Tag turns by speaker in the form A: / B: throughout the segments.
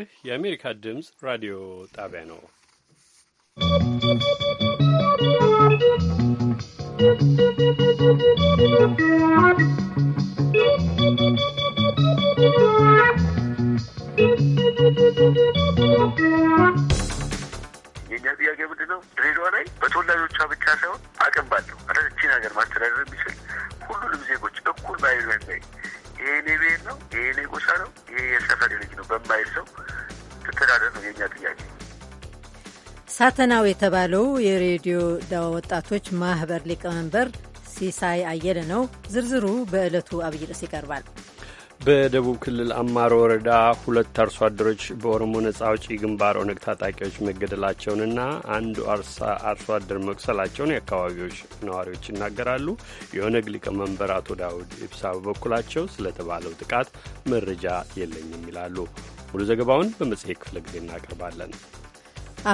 A: ይህ የአሜሪካ ድምፅ ራዲዮ ጣቢያ ነው።
B: የእኛ ጥያቄ ምንድን ነው? ድሬዳዋ ላይ በተወላጆቿ ብቻ ሳይሆን አቅም ባለው አረ እቺን ሀገር ማስተዳደር የሚችል ሁሉንም ዜጎች እኩል ባይዘን ላይ ይሄ ቤት ነው፣ ይሄ ጎሳ ነው፣ ይሄ የሰፈር ልጅ ነው በማይል ሰው ትተዳደር ነው የእኛ ጥያቄ።
C: ሳተናው የተባለው የሬዲዮ ዳዋ ወጣቶች ማህበር ሊቀመንበር ሲሳይ አየለ ነው። ዝርዝሩ በዕለቱ አብይ ርዕስ ይቀርባል።
A: በደቡብ ክልል አማሮ ወረዳ ሁለት አርሶ አደሮች በኦሮሞ ነጻ አውጪ ግንባር ኦነግ ታጣቂዎች መገደላቸውንና አንዱ አርሶ አደር መቁሰላቸውን የአካባቢዎች ነዋሪዎች ይናገራሉ። የኦነግ ሊቀመንበር አቶ ዳውድ ኢብሳ በበኩላቸው ስለተባለው ጥቃት መረጃ የለኝም ይላሉ። ሙሉ ዘገባውን በመጽሔት ክፍለ ጊዜ እናቀርባለን።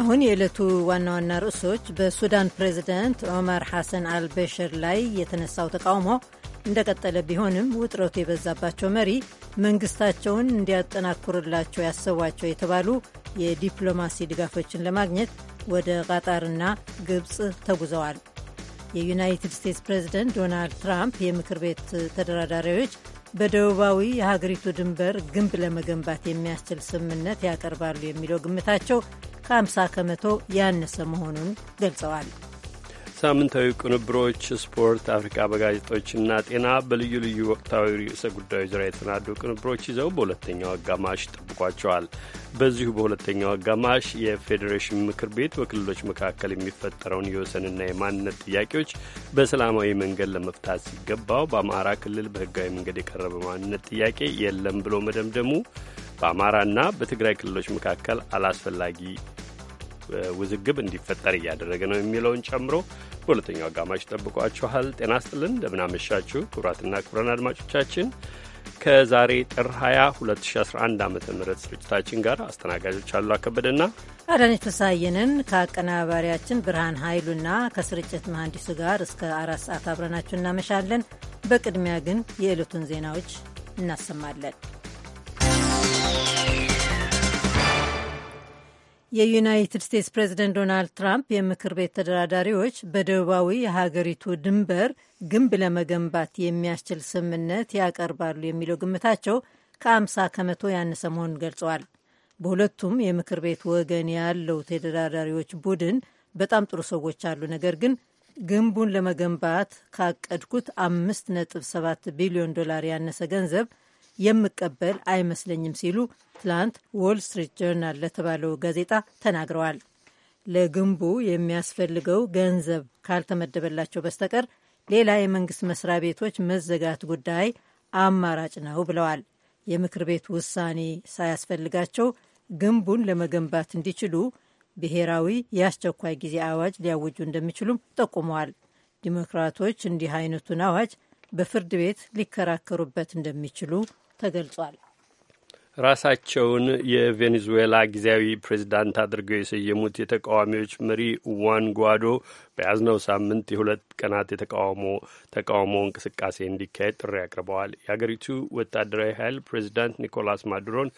C: አሁን የዕለቱ ዋና ዋና ርዕሶች በሱዳን ፕሬዚደንት ዑመር ሐሰን አልበሽር ላይ የተነሳው ተቃውሞ እንደቀጠለ ቢሆንም ውጥረቱ የበዛባቸው መሪ መንግስታቸውን እንዲያጠናክሩላቸው ያሰቧቸው የተባሉ የዲፕሎማሲ ድጋፎችን ለማግኘት ወደ ቃጣርና ግብፅ ተጉዘዋል። የዩናይትድ ስቴትስ ፕሬዝደንት ዶናልድ ትራምፕ የምክር ቤት ተደራዳሪዎች በደቡባዊ የሀገሪቱ ድንበር ግንብ ለመገንባት የሚያስችል ስምምነት ያቀርባሉ የሚለው ግምታቸው ከ50 ከመቶ ያነሰ መሆኑን ገልጸዋል።
A: ሳምንታዊ ቅንብሮች፣ ስፖርት፣ አፍሪካ በጋዜጦችና ጤና በልዩ ልዩ ወቅታዊ ርዕሰ ጉዳዮች ዙሪያ የተናዱ ቅንብሮች ይዘው በሁለተኛው አጋማሽ ጠብቋቸዋል። በዚሁ በሁለተኛው አጋማሽ የፌዴሬሽን ምክር ቤት በክልሎች መካከል የሚፈጠረውን የወሰንና የማንነት ጥያቄዎች በሰላማዊ መንገድ ለመፍታት ሲገባው በአማራ ክልል በህጋዊ መንገድ የቀረበ ማንነት ጥያቄ የለም ብሎ መደምደሙ በአማራና በትግራይ ክልሎች መካከል አላስፈላጊ ውዝግብ እንዲፈጠር እያደረገ ነው የሚለውን ጨምሮ በሁለተኛው አጋማሽ ጠብቋችኋል። ጤና ስጥልን፣ እንደምናመሻችሁ ክቡራትና ክቡራን አድማጮቻችን ከዛሬ ጥር 20 2011 ዓ ም ስርጭታችን ጋር አስተናጋጆች አሉ አከበደና
C: አዳነች ተሳየንን ከአቀናባሪያችን ብርሃን ኃይሉና ከስርጭት መሐንዲሱ ጋር እስከ አራት ሰዓት አብረናችሁ እናመሻለን። በቅድሚያ ግን የዕለቱን ዜናዎች እናሰማለን። የዩናይትድ ስቴትስ ፕሬዚደንት ዶናልድ ትራምፕ የምክር ቤት ተደራዳሪዎች በደቡባዊ የሀገሪቱ ድንበር ግንብ ለመገንባት የሚያስችል ስምምነት ያቀርባሉ የሚለው ግምታቸው ከአምሳ ከመቶ ያነሰ መሆኑን ገልጸዋል። በሁለቱም የምክር ቤት ወገን ያለው ተደራዳሪዎች ቡድን በጣም ጥሩ ሰዎች አሉ፣ ነገር ግን ግንቡን ለመገንባት ካቀድኩት አምስት ነጥብ ሰባት ቢሊዮን ዶላር ያነሰ ገንዘብ የምቀበል አይመስለኝም ሲሉ ትላንት ዎል ስትሪት ጆርናል ለተባለው ጋዜጣ ተናግረዋል። ለግንቡ የሚያስፈልገው ገንዘብ ካልተመደበላቸው በስተቀር ሌላ የመንግስት መስሪያ ቤቶች መዘጋት ጉዳይ አማራጭ ነው ብለዋል። የምክር ቤት ውሳኔ ሳያስፈልጋቸው ግንቡን ለመገንባት እንዲችሉ ብሔራዊ የአስቸኳይ ጊዜ አዋጅ ሊያውጁ እንደሚችሉም ጠቁመዋል። ዲሞክራቶች እንዲህ አይነቱን አዋጅ በፍርድ ቤት ሊከራከሩበት እንደሚችሉ ተገልጿል።
A: ራሳቸውን የቬኔዙዌላ ጊዜያዊ ፕሬዚዳንት አድርገው የሰየሙት የተቃዋሚዎች መሪ ዋን ጓዶ በያዝነው ሳምንት የሁለት ቀናት የተቃውሞ ተቃውሞ እንቅስቃሴ እንዲካሄድ ጥሪ አቅርበዋል። የሀገሪቱ ወታደራዊ ኃይል ፕሬዚዳንት ኒኮላስ ማዱሮን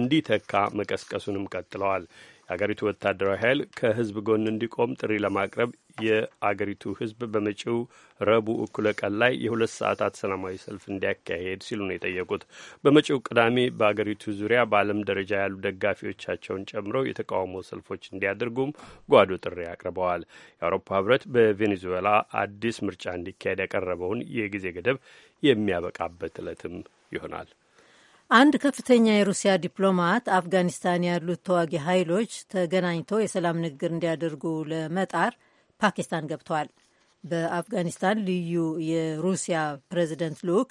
A: እንዲተካ መቀስቀሱንም ቀጥለዋል። የሀገሪቱ ወታደራዊ ኃይል ከህዝብ ጎን እንዲቆም ጥሪ ለማቅረብ የአገሪቱ ህዝብ በመጪው ረቡዕ እኩለ ቀን ላይ የሁለት ሰዓታት ሰላማዊ ሰልፍ እንዲያካሄድ ሲሉ ነው የጠየቁት። በመጪው ቅዳሜ በአገሪቱ ዙሪያ በዓለም ደረጃ ያሉ ደጋፊዎቻቸውን ጨምሮ የተቃውሞ ሰልፎች እንዲያደርጉም ጓዶ ጥሪ አቅርበዋል። የአውሮፓ ህብረት በቬኔዙዌላ አዲስ ምርጫ እንዲካሄድ ያቀረበውን የጊዜ ገደብ የሚያበቃበት ዕለትም ይሆናል።
C: አንድ ከፍተኛ የሩሲያ ዲፕሎማት አፍጋኒስታን ያሉት ተዋጊ ኃይሎች ተገናኝተው የሰላም ንግግር እንዲያደርጉ ለመጣር ፓኪስታን ገብተዋል። በአፍጋኒስታን ልዩ የሩሲያ ፕሬዚደንት ልዑክ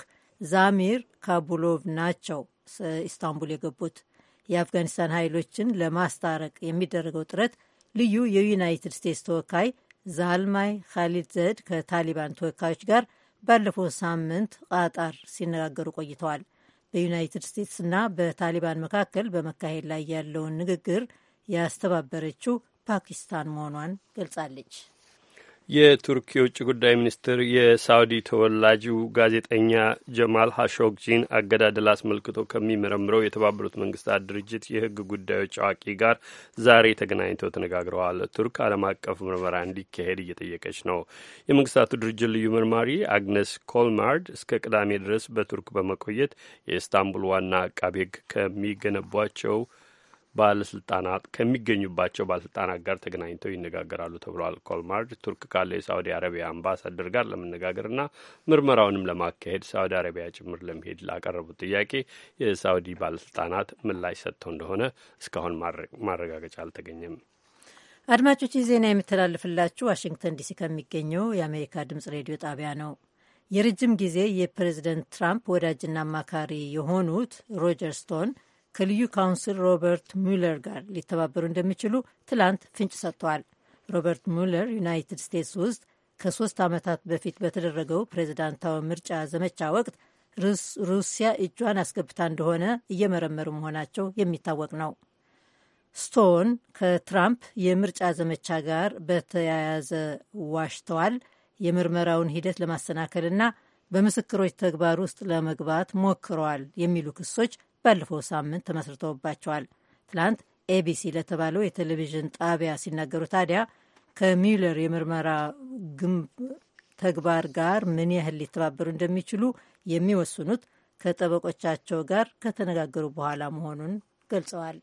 C: ዛሚር ካቡሎቭ ናቸው ኢስታንቡል የገቡት። የአፍጋኒስታን ኃይሎችን ለማስታረቅ የሚደረገው ጥረት ልዩ የዩናይትድ ስቴትስ ተወካይ ዛልማይ ካሊድ ዘድ ከታሊባን ተወካዮች ጋር ባለፈው ሳምንት ቃጣር ሲነጋገሩ ቆይተዋል። በዩናይትድ ስቴትስና በታሊባን መካከል በመካሄድ ላይ ያለውን ንግግር ያስተባበረችው ፓኪስታን መሆኗን ገልጻለች።
A: የቱርክ የውጭ ጉዳይ ሚኒስትር የሳውዲ ተወላጁ ጋዜጠኛ ጀማል ሀሾግጂን አገዳደል አስመልክቶ ከሚመረምረው የተባበሩት መንግስታት ድርጅት የሕግ ጉዳዮች አዋቂ ጋር ዛሬ ተገናኝተው ተነጋግረዋል። ቱርክ ዓለም አቀፍ ምርመራ እንዲካሄድ እየጠየቀች ነው። የመንግስታቱ ድርጅት ልዩ መርማሪ አግነስ ኮልማርድ እስከ ቅዳሜ ድረስ በቱርክ በመቆየት የኢስታንቡል ዋና አቃቤ ሕግ ከሚገነቧቸው ባለስልጣናት ከሚገኙባቸው ባለስልጣናት ጋር ተገናኝተው ይነጋገራሉ ተብሏል። ኮልማርድ ቱርክ ካለው የሳዑዲ አረቢያ አምባሳደር ጋር ለመነጋገርና ምርመራውንም ለማካሄድ ሳዑዲ አረቢያ ጭምር ለመሄድ ላቀረቡት ጥያቄ የሳዑዲ ባለስልጣናት ምላሽ ሰጥተው እንደሆነ እስካሁን ማረጋገጫ አልተገኘም።
C: አድማጮች ይህ ዜና የሚተላለፍላችሁ ዋሽንግተን ዲሲ ከሚገኘው የአሜሪካ ድምጽ ሬዲዮ ጣቢያ ነው። የረጅም ጊዜ የፕሬዝደንት ትራምፕ ወዳጅና አማካሪ የሆኑት ሮጀር ስቶን ከልዩ ካውንስል ሮበርት ሙለር ጋር ሊተባበሩ እንደሚችሉ ትላንት ፍንጭ ሰጥተዋል። ሮበርት ሙለር ዩናይትድ ስቴትስ ውስጥ ከሶስት ዓመታት በፊት በተደረገው ፕሬዝዳንታዊ ምርጫ ዘመቻ ወቅት ሩሲያ እጇን አስገብታ እንደሆነ እየመረመሩ መሆናቸው የሚታወቅ ነው። ስቶን ከትራምፕ የምርጫ ዘመቻ ጋር በተያያዘ ዋሽተዋል፣ የምርመራውን ሂደት ለማሰናከልና በምስክሮች ተግባር ውስጥ ለመግባት ሞክረዋል የሚሉ ክሶች ባለፈው ሳምንት ተመስርተውባቸዋል። ትላንት ኤቢሲ ለተባለው የቴሌቪዥን ጣቢያ ሲናገሩ ታዲያ ከሚውለር የምርመራ ተግባር ጋር ምን ያህል ሊተባበሩ እንደሚችሉ የሚወስኑት ከጠበቆቻቸው ጋር ከተነጋገሩ በኋላ መሆኑን ገልጸዋል።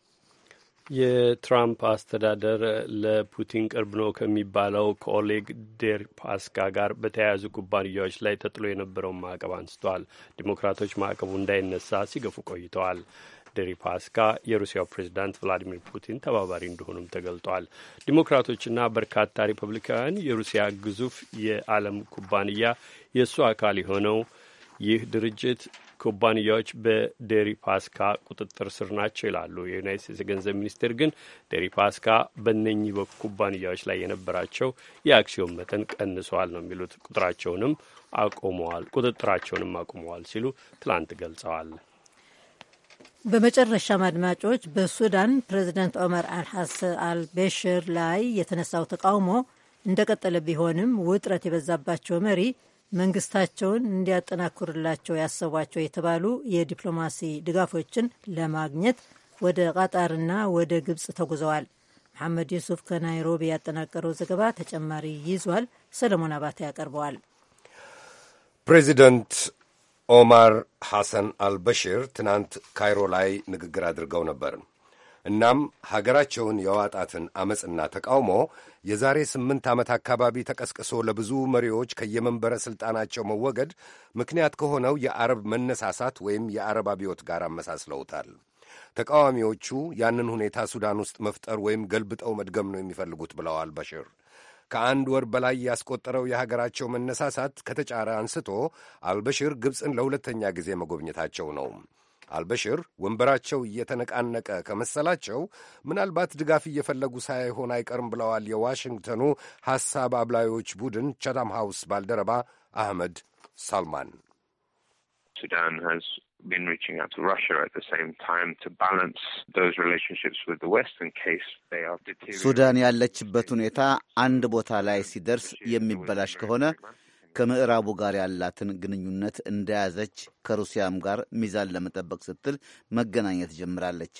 A: የትራምፕ አስተዳደር ለፑቲን ቅርብ ነው ከሚባለው ከኦሌግ ዴርፓስካ ጋር በተያያዙ ኩባንያዎች ላይ ተጥሎ የነበረውን ማዕቀብ አንስቷል። ዲሞክራቶች ማዕቀቡ እንዳይነሳ ሲገፉ ቆይተዋል። ዴሪፓስካ የሩሲያው ፕሬዚዳንት ቭላዲሚር ፑቲን ተባባሪ እንደሆኑም ተገልጧል። ዲሞክራቶችና በርካታ ሪፐብሊካውያን የሩሲያ ግዙፍ የዓለም ኩባንያ የእሱ አካል የሆነው ይህ ድርጅት ኩባንያዎች በዴሪ ፓስካ ቁጥጥር ስር ናቸው ይላሉ። የዩናይት ስቴትስ የገንዘብ ሚኒስቴር ግን ዴሪ ፓስካ በእነኚህ ኩባንያዎች ላይ የነበራቸው የአክሲዮን መጠን ቀንሷል ነው የሚሉት። ቁጥራቸውንም አቁመዋል ቁጥጥራቸውንም አቁመዋል ሲሉ ትላንት ገልጸዋል።
C: በመጨረሻም አድማጮች በሱዳን ፕሬዚደንት ኦመር አልሐስ አልቤሽር ላይ የተነሳው ተቃውሞ እንደቀጠለ ቢሆንም ውጥረት የበዛባቸው መሪ መንግስታቸውን እንዲያጠናክሩላቸው ያሰቧቸው የተባሉ የዲፕሎማሲ ድጋፎችን ለማግኘት ወደ ቃጣርና ወደ ግብፅ ተጉዘዋል። መሐመድ ዩሱፍ ከናይሮቢ ያጠናቀረው ዘገባ ተጨማሪ ይዟል። ሰለሞን አባተ ያቀርበዋል።
D: ፕሬዚደንት ኦማር ሐሰን አልበሽር ትናንት ካይሮ ላይ ንግግር አድርገው ነበር። እናም ሀገራቸውን የዋጣትን ዐመፅና ተቃውሞ የዛሬ ስምንት ዓመት አካባቢ ተቀስቅሶ ለብዙ መሪዎች ከየመንበረ ሥልጣናቸው መወገድ ምክንያት ከሆነው የአረብ መነሳሳት ወይም የአረብ አብዮት ጋር አመሳስለውታል። ተቃዋሚዎቹ ያንን ሁኔታ ሱዳን ውስጥ መፍጠር ወይም ገልብጠው መድገም ነው የሚፈልጉት ብለዋል በሽር። ከአንድ ወር በላይ ያስቆጠረው የሀገራቸው መነሳሳት ከተጫረ አንስቶ አልበሽር ግብፅን ለሁለተኛ ጊዜ መጎብኘታቸው ነው። አልበሽር ወንበራቸው እየተነቃነቀ ከመሰላቸው ምናልባት ድጋፍ እየፈለጉ ሳይሆን አይቀርም ብለዋል የዋሽንግተኑ ሐሳብ አብላዮች ቡድን ቻታም ሃውስ ባልደረባ አህመድ ሳልማን።
E: ሱዳን been reaching out
D: ሱዳን
F: ያለችበት ሁኔታ አንድ ቦታ ላይ ሲደርስ የሚበላሽ ከሆነ ከምዕራቡ ጋር ያላትን ግንኙነት እንደያዘች ከሩሲያም ጋር ሚዛን ለመጠበቅ ስትል መገናኘት ጀምራለች።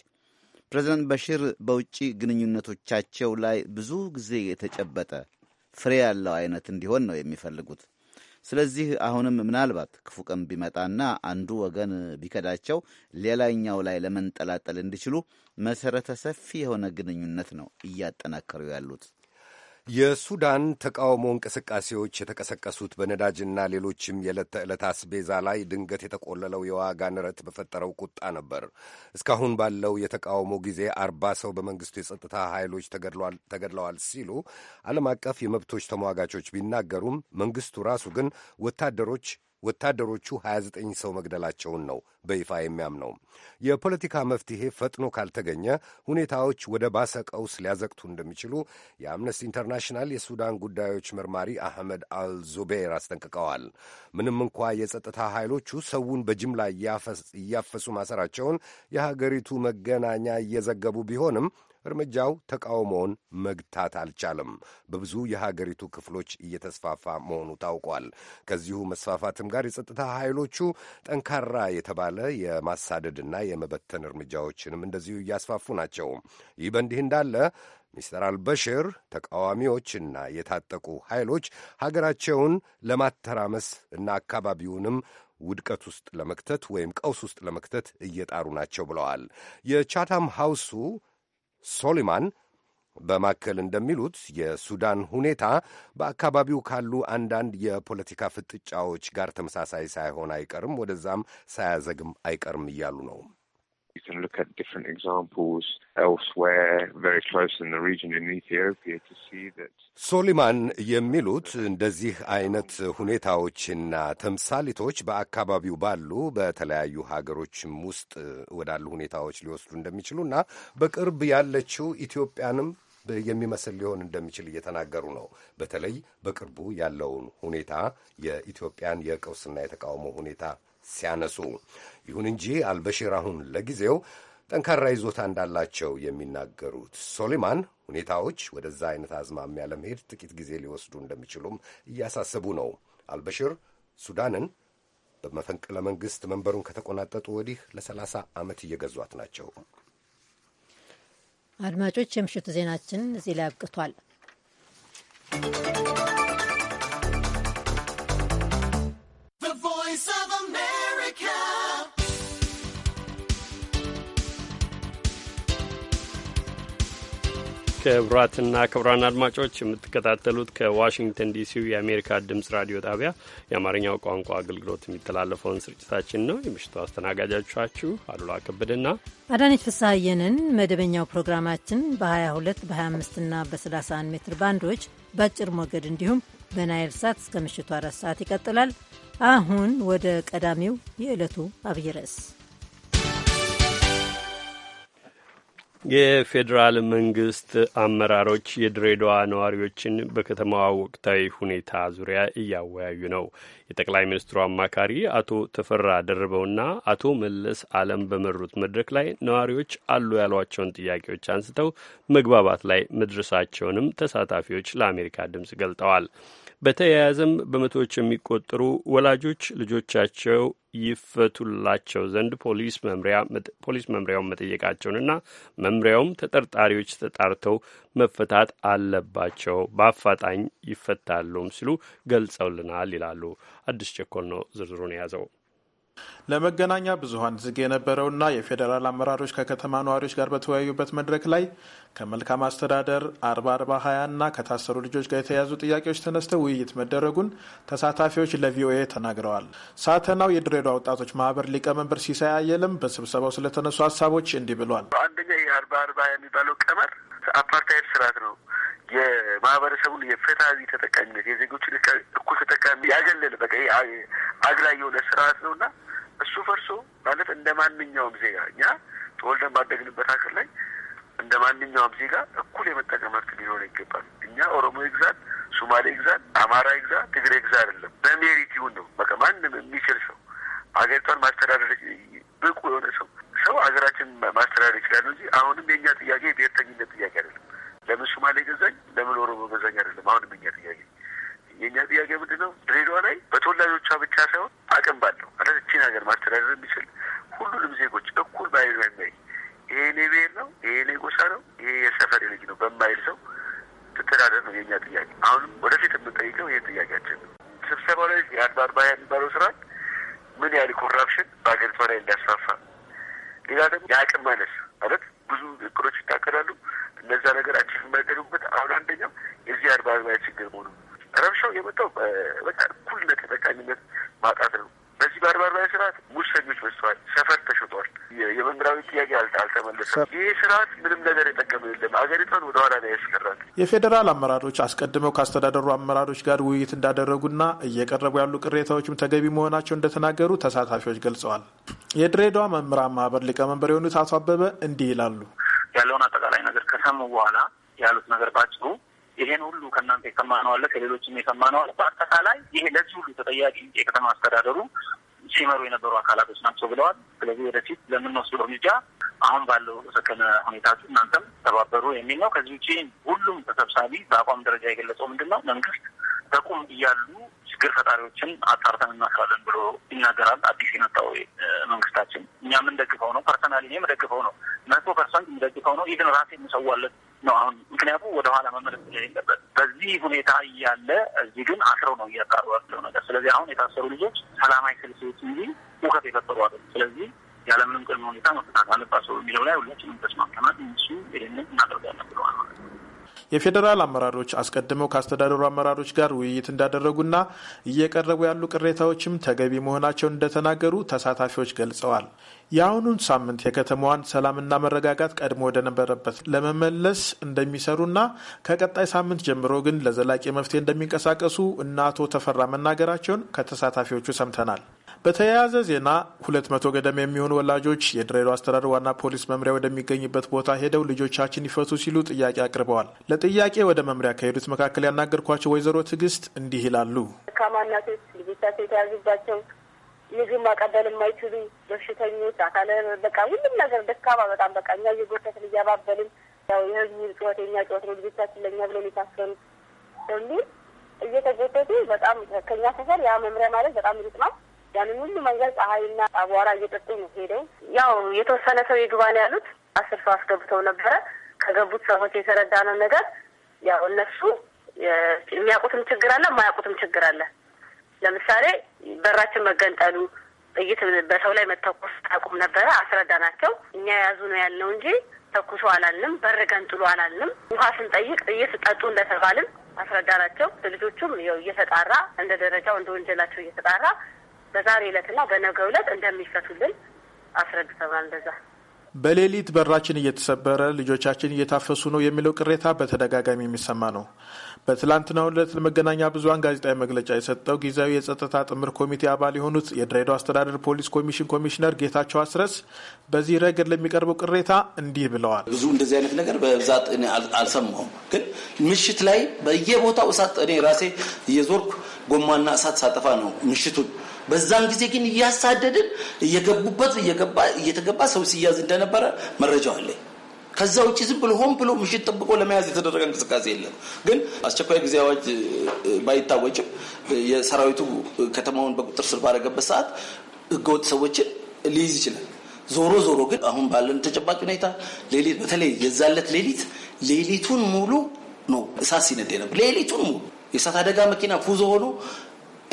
F: ፕሬዚዳንት በሽር በውጭ ግንኙነቶቻቸው ላይ ብዙ ጊዜ የተጨበጠ ፍሬ ያለው አይነት እንዲሆን ነው የሚፈልጉት። ስለዚህ አሁንም ምናልባት ክፉ ቀን ቢመጣና አንዱ ወገን ቢከዳቸው ሌላኛው ላይ ለመንጠላጠል እንዲችሉ መሰረተ
D: ሰፊ የሆነ ግንኙነት ነው እያጠናከሩ ያሉት። የሱዳን ተቃውሞ እንቅስቃሴዎች የተቀሰቀሱት በነዳጅና ሌሎችም የዕለት ተዕለት አስቤዛ ላይ ድንገት የተቆለለው የዋጋ ንረት በፈጠረው ቁጣ ነበር። እስካሁን ባለው የተቃውሞ ጊዜ አርባ ሰው በመንግስቱ የጸጥታ ኃይሎች ተገድለዋል ሲሉ ዓለም አቀፍ የመብቶች ተሟጋቾች ቢናገሩም መንግስቱ ራሱ ግን ወታደሮች ወታደሮቹ 29 ሰው መግደላቸውን ነው በይፋ የሚያምነው። የፖለቲካ መፍትሄ ፈጥኖ ካልተገኘ ሁኔታዎች ወደ ባሰ ቀውስ ሊያዘቅቱ እንደሚችሉ የአምነስቲ ኢንተርናሽናል የሱዳን ጉዳዮች መርማሪ አህመድ አልዙቤር አስጠንቅቀዋል። ምንም እንኳ የጸጥታ ኃይሎቹ ሰውን በጅምላ እያፈሱ ማሰራቸውን የሀገሪቱ መገናኛ እየዘገቡ ቢሆንም እርምጃው ተቃውሞውን መግታት አልቻለም። በብዙ የሀገሪቱ ክፍሎች እየተስፋፋ መሆኑ ታውቋል። ከዚሁ መስፋፋትም ጋር የጸጥታ ኃይሎቹ ጠንካራ የተባለ የማሳደድና የመበተን እርምጃዎችንም እንደዚሁ እያስፋፉ ናቸው። ይህ በእንዲህ እንዳለ ሚስተር አልበሽር ተቃዋሚዎችና የታጠቁ ኃይሎች ሀገራቸውን ለማተራመስ እና አካባቢውንም ውድቀት ውስጥ ለመክተት ወይም ቀውስ ውስጥ ለመክተት እየጣሩ ናቸው ብለዋል። የቻታም ሃውሱ ሶሊማን በማከል እንደሚሉት የሱዳን ሁኔታ በአካባቢው ካሉ አንዳንድ የፖለቲካ ፍጥጫዎች ጋር ተመሳሳይ ሳይሆን አይቀርም፣ ወደዛም ሳያዘግም አይቀርም እያሉ ነው። You can look at different examples elsewhere, very close in the region in Ethiopia to see that. ሶሊማን የሚሉት እንደዚህ አይነት ሁኔታዎችና ተምሳሊቶች በአካባቢው ባሉ በተለያዩ ሀገሮችም ውስጥ ወዳሉ ሁኔታዎች ሊወስዱ እና በቅርብ ያለችው ኢትዮጵያንም የሚመስል ሊሆን እንደሚችል እየተናገሩ ነው። በተለይ በቅርቡ ያለውን ሁኔታ የኢትዮጵያን የቀውስና የተቃውሞ ሁኔታ ሲያነሱ ይሁን እንጂ አልበሽር አሁን ለጊዜው ጠንካራ ይዞታ እንዳላቸው የሚናገሩት ሶሊማን ሁኔታዎች ወደዛ አይነት አዝማሚያ ለመሄድ ጥቂት ጊዜ ሊወስዱ እንደሚችሉም እያሳሰቡ ነው። አልበሽር ሱዳንን በመፈንቅለ መንግስት መንበሩን ከተቆናጠጡ ወዲህ ለሰላሳ ዓመት እየገዟት ናቸው።
C: አድማጮች፣ የምሽቱ ዜናችን እዚህ ላይ አብቅቷል።
A: ክቡራትና ክቡራን አድማጮች የምትከታተሉት ከዋሽንግተን ዲሲው የአሜሪካ ድምጽ ራዲዮ ጣቢያ የአማርኛው ቋንቋ አገልግሎት የሚተላለፈውን ስርጭታችን ነው። የምሽቱ አስተናጋጃችኋችሁ አሉላ ከበደና
C: አዳነች ፍስሐየንን። መደበኛው ፕሮግራማችን በ22 በ25ና በ31 ሜትር ባንዶች በአጭር ሞገድ እንዲሁም በናይል ሳት እስከ ምሽቱ አራት ሰዓት ይቀጥላል። አሁን ወደ ቀዳሚው የዕለቱ አብይ ርዕስ
A: የፌዴራል መንግስት አመራሮች የድሬዳዋ ነዋሪዎችን በከተማዋ ወቅታዊ ሁኔታ ዙሪያ እያወያዩ ነው። የጠቅላይ ሚኒስትሩ አማካሪ አቶ ተፈራ ደርበውና አቶ መለስ አለም በመሩት መድረክ ላይ ነዋሪዎች አሉ ያሏቸውን ጥያቄዎች አንስተው መግባባት ላይ መድረሳቸውንም ተሳታፊዎች ለአሜሪካ ድምፅ ገልጠዋል። በተያያዘም በመቶዎች የሚቆጠሩ ወላጆች ልጆቻቸው ይፈቱላቸው ዘንድ ፖሊስ መምሪያውን መጠየቃቸውንና መምሪያውም ተጠርጣሪዎች ተጣርተው መፈታት አለባቸው፣ በአፋጣኝ ይፈታሉም ሲሉ ገልጸውልናል ይላሉ። አዲስ ቸኮል ነው ዝርዝሩን የያዘው።
G: ለመገናኛ ብዙኃን ዝግ የነበረውና የፌዴራል አመራሮች ከከተማ ነዋሪዎች ጋር በተወያዩበት መድረክ ላይ ከመልካም አስተዳደር አርባ አርባ ሀያ እና ከታሰሩ ልጆች ጋር የተያያዙ ጥያቄዎች ተነስተው ውይይት መደረጉን ተሳታፊዎች ለቪኦኤ ተናግረዋል። ሳተናው የድሬዳዋ ወጣቶች ማህበር ሊቀመንበር ሲሳይ አየለም በስብሰባው ስለተነሱ ሀሳቦች እንዲህ ብሏል።
B: አንደኛ የአርባ አርባ የሚባለው ቀመር አፓርታይድ ስርዓት ነው። የማህበረሰቡን የፍትሃዊ ተጠቃሚነት የዜጎችን እኩል ተጠቃሚ ያገለለ በቃ አግላይ የሆነ ስርዓት ነው እና እሱ ፈርሶ ማለት እንደ ማንኛውም ዜጋ እኛ ተወልደን ባደግንበት ሀገር ላይ እንደ ማንኛውም ዜጋ እኩል የመጠቀም መብት ሊኖር ይገባል። እኛ ኦሮሞ ይግዛል፣ ሶማሌ ይግዛል፣ አማራ ይግዛ፣ ትግሬ ይግዛ አይደለም። በሜሪት ይሁን ነው። በቃ ማንም የሚችል ሰው ሀገሪቷን ማስተዳደር ብቁ የሆነ ሰው ሰው ሀገራችን ማስተዳደር ይችላል እንጂ አሁንም የእኛ ጥያቄ የብሔርተኝነት ጥያቄ አይደለም። ለምን ሶማሌ ገዛኝ፣ ለምን ኦሮሞ ገዛኝ አይደለም። አሁንም የእኛ ጥያቄ የእኛ ጥያቄ ምንድን ነው? ድሬዳዋ ላይ በተወላጆቿ ብቻ ሳይሆን አቅም ባለው እችን ሀገር ማስተዳደር የሚችል ሁሉንም ዜጎች እኩል ባይሉ የሚያይ ይሄ እኔ ብሔር ነው፣ ይሄ እኔ ጎሳ ነው፣ ይሄ የሰፈር ልጅ ነው በማይል ሰው ትተዳደር ነው የኛ ጥያቄ። አሁንም ወደፊት የምንጠይቀው ይሄ ጥያቄያችን ነው። ስብሰባው ላይ የአድባር ባህ የሚባለው ስርዓት ምን ያህል ኮራፕሽን በሀገሪቷ ላይ እንዳስፋፋ፣ ሌላ ደግሞ የአቅም ማነስ ማለት ብዙ እቅዶች ይታቀዳሉ እነዛ ነገር አቺፍ የማይገዱበት አሁን አንደኛው የዚህ አድባር ባህ ችግር መሆኑ ረብሻው የመጣው በቃ እኩልነት ተጠቃሚነት ማቃት ነው። በዚህ በአድባራዊ ስርዓት ሙሰኞች በስተዋል። ሰፈር ተሽጧል። የመምህራዊ ጥያቄ አልተመለሰም። ይህ ስርዓት ምንም ነገር የጠቀመ የለም። አገሪቷን
G: ወደኋላ ላይ ያስቀራል። የፌዴራል አመራሮች አስቀድመው ካስተዳደሩ አመራሮች ጋር ውይይት እንዳደረጉና እየቀረቡ ያሉ ቅሬታዎችም ተገቢ መሆናቸው እንደተናገሩ ተሳታፊዎች ገልጸዋል። የድሬዳዋ መምህራን ማህበር ሊቀመንበር የሆኑት አቶ አበበ እንዲህ ይላሉ።
B: ያለውን አጠቃላይ ነገር ከሰሙ በኋላ ያሉት ነገር ባጭሩ ይሄን ሁሉ ከእናንተ የሰማነው አለ፣ ከሌሎችም የሰማነው አለ። በአጠቃላይ ይሄ ለዚህ ሁሉ ተጠያቂ የከተማ አስተዳደሩ ሲመሩ የነበሩ አካላቶች ናቸው ብለዋል። ስለዚህ ወደፊት ለምንወስደው እርምጃ አሁን ባለው ሰከነ ሁኔታችሁ እናንተም ተባበሩ የሚል ነው። ከዚህ ውጭ ሁሉም ተሰብሳቢ በአቋም ደረጃ የገለጸው ምንድን ነው መንግስት በቁም እያሉ ችግር ፈጣሪዎችን አጣርተን እናስራለን ብሎ ይናገራል። አዲስ የመጣው መንግስታችን እኛ የምንደግፈው ነው። ፐርሰናሊ እኔ የምደግፈው ነው። መቶ ፐርሰንት የምደግፈው ነው። ኢቨን ራሴ የምሰዋለት ነው አሁን ምክንያቱም ወደኋላ መመለስ የሌለበት በዚህ ሁኔታ እያለ እዚህ ግን አስረው ነው እያጣሩ ያለው ነገር። ስለዚህ አሁን የታሰሩ ልጆች ሰላማዊ ክልሴዎች እንጂ ሁከት የፈጠሩ አይደለም። ስለዚህ ያለምንም ቅድመ ሁኔታ መፈታት አለባቸው የሚለው ላይ ሁላችንም ተስማምተናል። እሱ ይህንን እናደርጋለን።
G: የፌዴራል አመራሮች አስቀድመው ከአስተዳደሩ አመራሮች ጋር ውይይት እንዳደረጉና እየቀረቡ ያሉ ቅሬታዎችም ተገቢ መሆናቸውን እንደተናገሩ ተሳታፊዎች ገልጸዋል። የአሁኑን ሳምንት የከተማዋን ሰላምና መረጋጋት ቀድሞ ወደነበረበት ለመመለስ እንደሚሰሩና ከቀጣይ ሳምንት ጀምሮ ግን ለዘላቂ መፍትሄ እንደሚንቀሳቀሱ እና አቶ ተፈራ መናገራቸውን ከተሳታፊዎቹ ሰምተናል። በተያያዘ ዜና ሁለት መቶ ገደም የሚሆኑ ወላጆች የድሬዳዋ አስተዳደር ዋና ፖሊስ መምሪያ ወደሚገኝበት ቦታ ሄደው ልጆቻችን ይፈቱ ሲሉ ጥያቄ አቅርበዋል። ለጥያቄ ወደ መምሪያ ከሄዱት መካከል ያናገርኳቸው ወይዘሮ ትዕግስት እንዲህ ይላሉ።
H: ከማናቶች ልጆቻቸው የተያዙባቸው ምግብ ማቀበል የማይችሉ በሽተኞች፣ አካለ በቃ ሁሉም ነገር ደካማ በጣም በቃ እኛ እየጎተትን እያባበልን ያው የህዝቡ ጩኸት የኛ ጩኸት ነው ልጆቻችን ለእኛ ብለን የታሰሩት በሚል እየተጎተቱ በጣም ከኛ ሰፈር ያ መምሪያ ማለት በጣም ሩቅ ነው። ያንን ሁሉ መንገድ ፀሐይና አቧራ እየጠጡ ነው ሄደው። ያው የተወሰነ ሰው ይግባ ያሉት። አስር ሰው አስገብተው ነበረ።
B: ከገቡት ሰዎች የተረዳነው ነገር ያው እነሱ የሚያውቁትም ችግር
H: አለ፣ የማያውቁትም ችግር አለ። ለምሳሌ በራችን መገንጠሉ፣ ጥይት በሰው ላይ መተኮስ ታቁም ነበረ። አስረዳናቸው። እኛ የያዙ ነው ያለው እንጂ ተኩሶ አላልንም፣ በር ገንጥሎ አላልንም። ውሃ ስንጠይቅ ጥይት ጠጡ እንደተባልን አስረዳናቸው። ልጆቹም ያው እየተጣራ እንደ ደረጃው እንደ ወንጀላቸው እየተጣራ በዛሬ ዕለትና በነገ እለት እንደሚፈቱልን አስረድተውናል። እንደዛ
G: በሌሊት በራችን እየተሰበረ ልጆቻችን እየታፈሱ ነው የሚለው ቅሬታ በተደጋጋሚ የሚሰማ ነው። በትላንትናው ዕለት ለመገናኛ ብዙኃን ጋዜጣዊ መግለጫ የሰጠው ጊዜያዊ የጸጥታ ጥምር ኮሚቴ አባል የሆኑት የድሬዳዋ አስተዳደር ፖሊስ ኮሚሽን ኮሚሽነር ጌታቸው አስረስ በዚህ ረገድ ለሚቀርበው ቅሬታ እንዲህ ብለዋል። ብዙ እንደዚህ
I: አይነት ነገር በብዛት አልሰማሁም፣ ግን ምሽት ላይ በየቦታው እሳት እኔ ራሴ እየዞርኩ ጎማና እሳት ሳጠፋ ነው ምሽቱን በዛን ጊዜ ግን እያሳደድን እየገቡበት እየተገባ ሰው ሲያዝ እንደነበረ መረጃው አለ። ከዛ ውጭ ዝም ብሎ ሆን ብሎ ምሽት ጠብቆ ለመያዝ የተደረገ እንቅስቃሴ የለም። ግን አስቸኳይ ጊዜ አዋጅ ባይታወጭም የሰራዊቱ ከተማውን በቁጥር ስር ባደረገበት ሰዓት ህገወጥ ሰዎችን ሊይዝ ይችላል። ዞሮ ዞሮ ግን አሁን ባለን ተጨባጭ ሁኔታ ሌሊት በተለይ የዛለት ሌሊት ሌሊቱን ሙሉ ነው እሳት ሲነደ ነበር። ሌሊቱን ሙሉ የእሳት አደጋ መኪና ፉዞ ሆኖ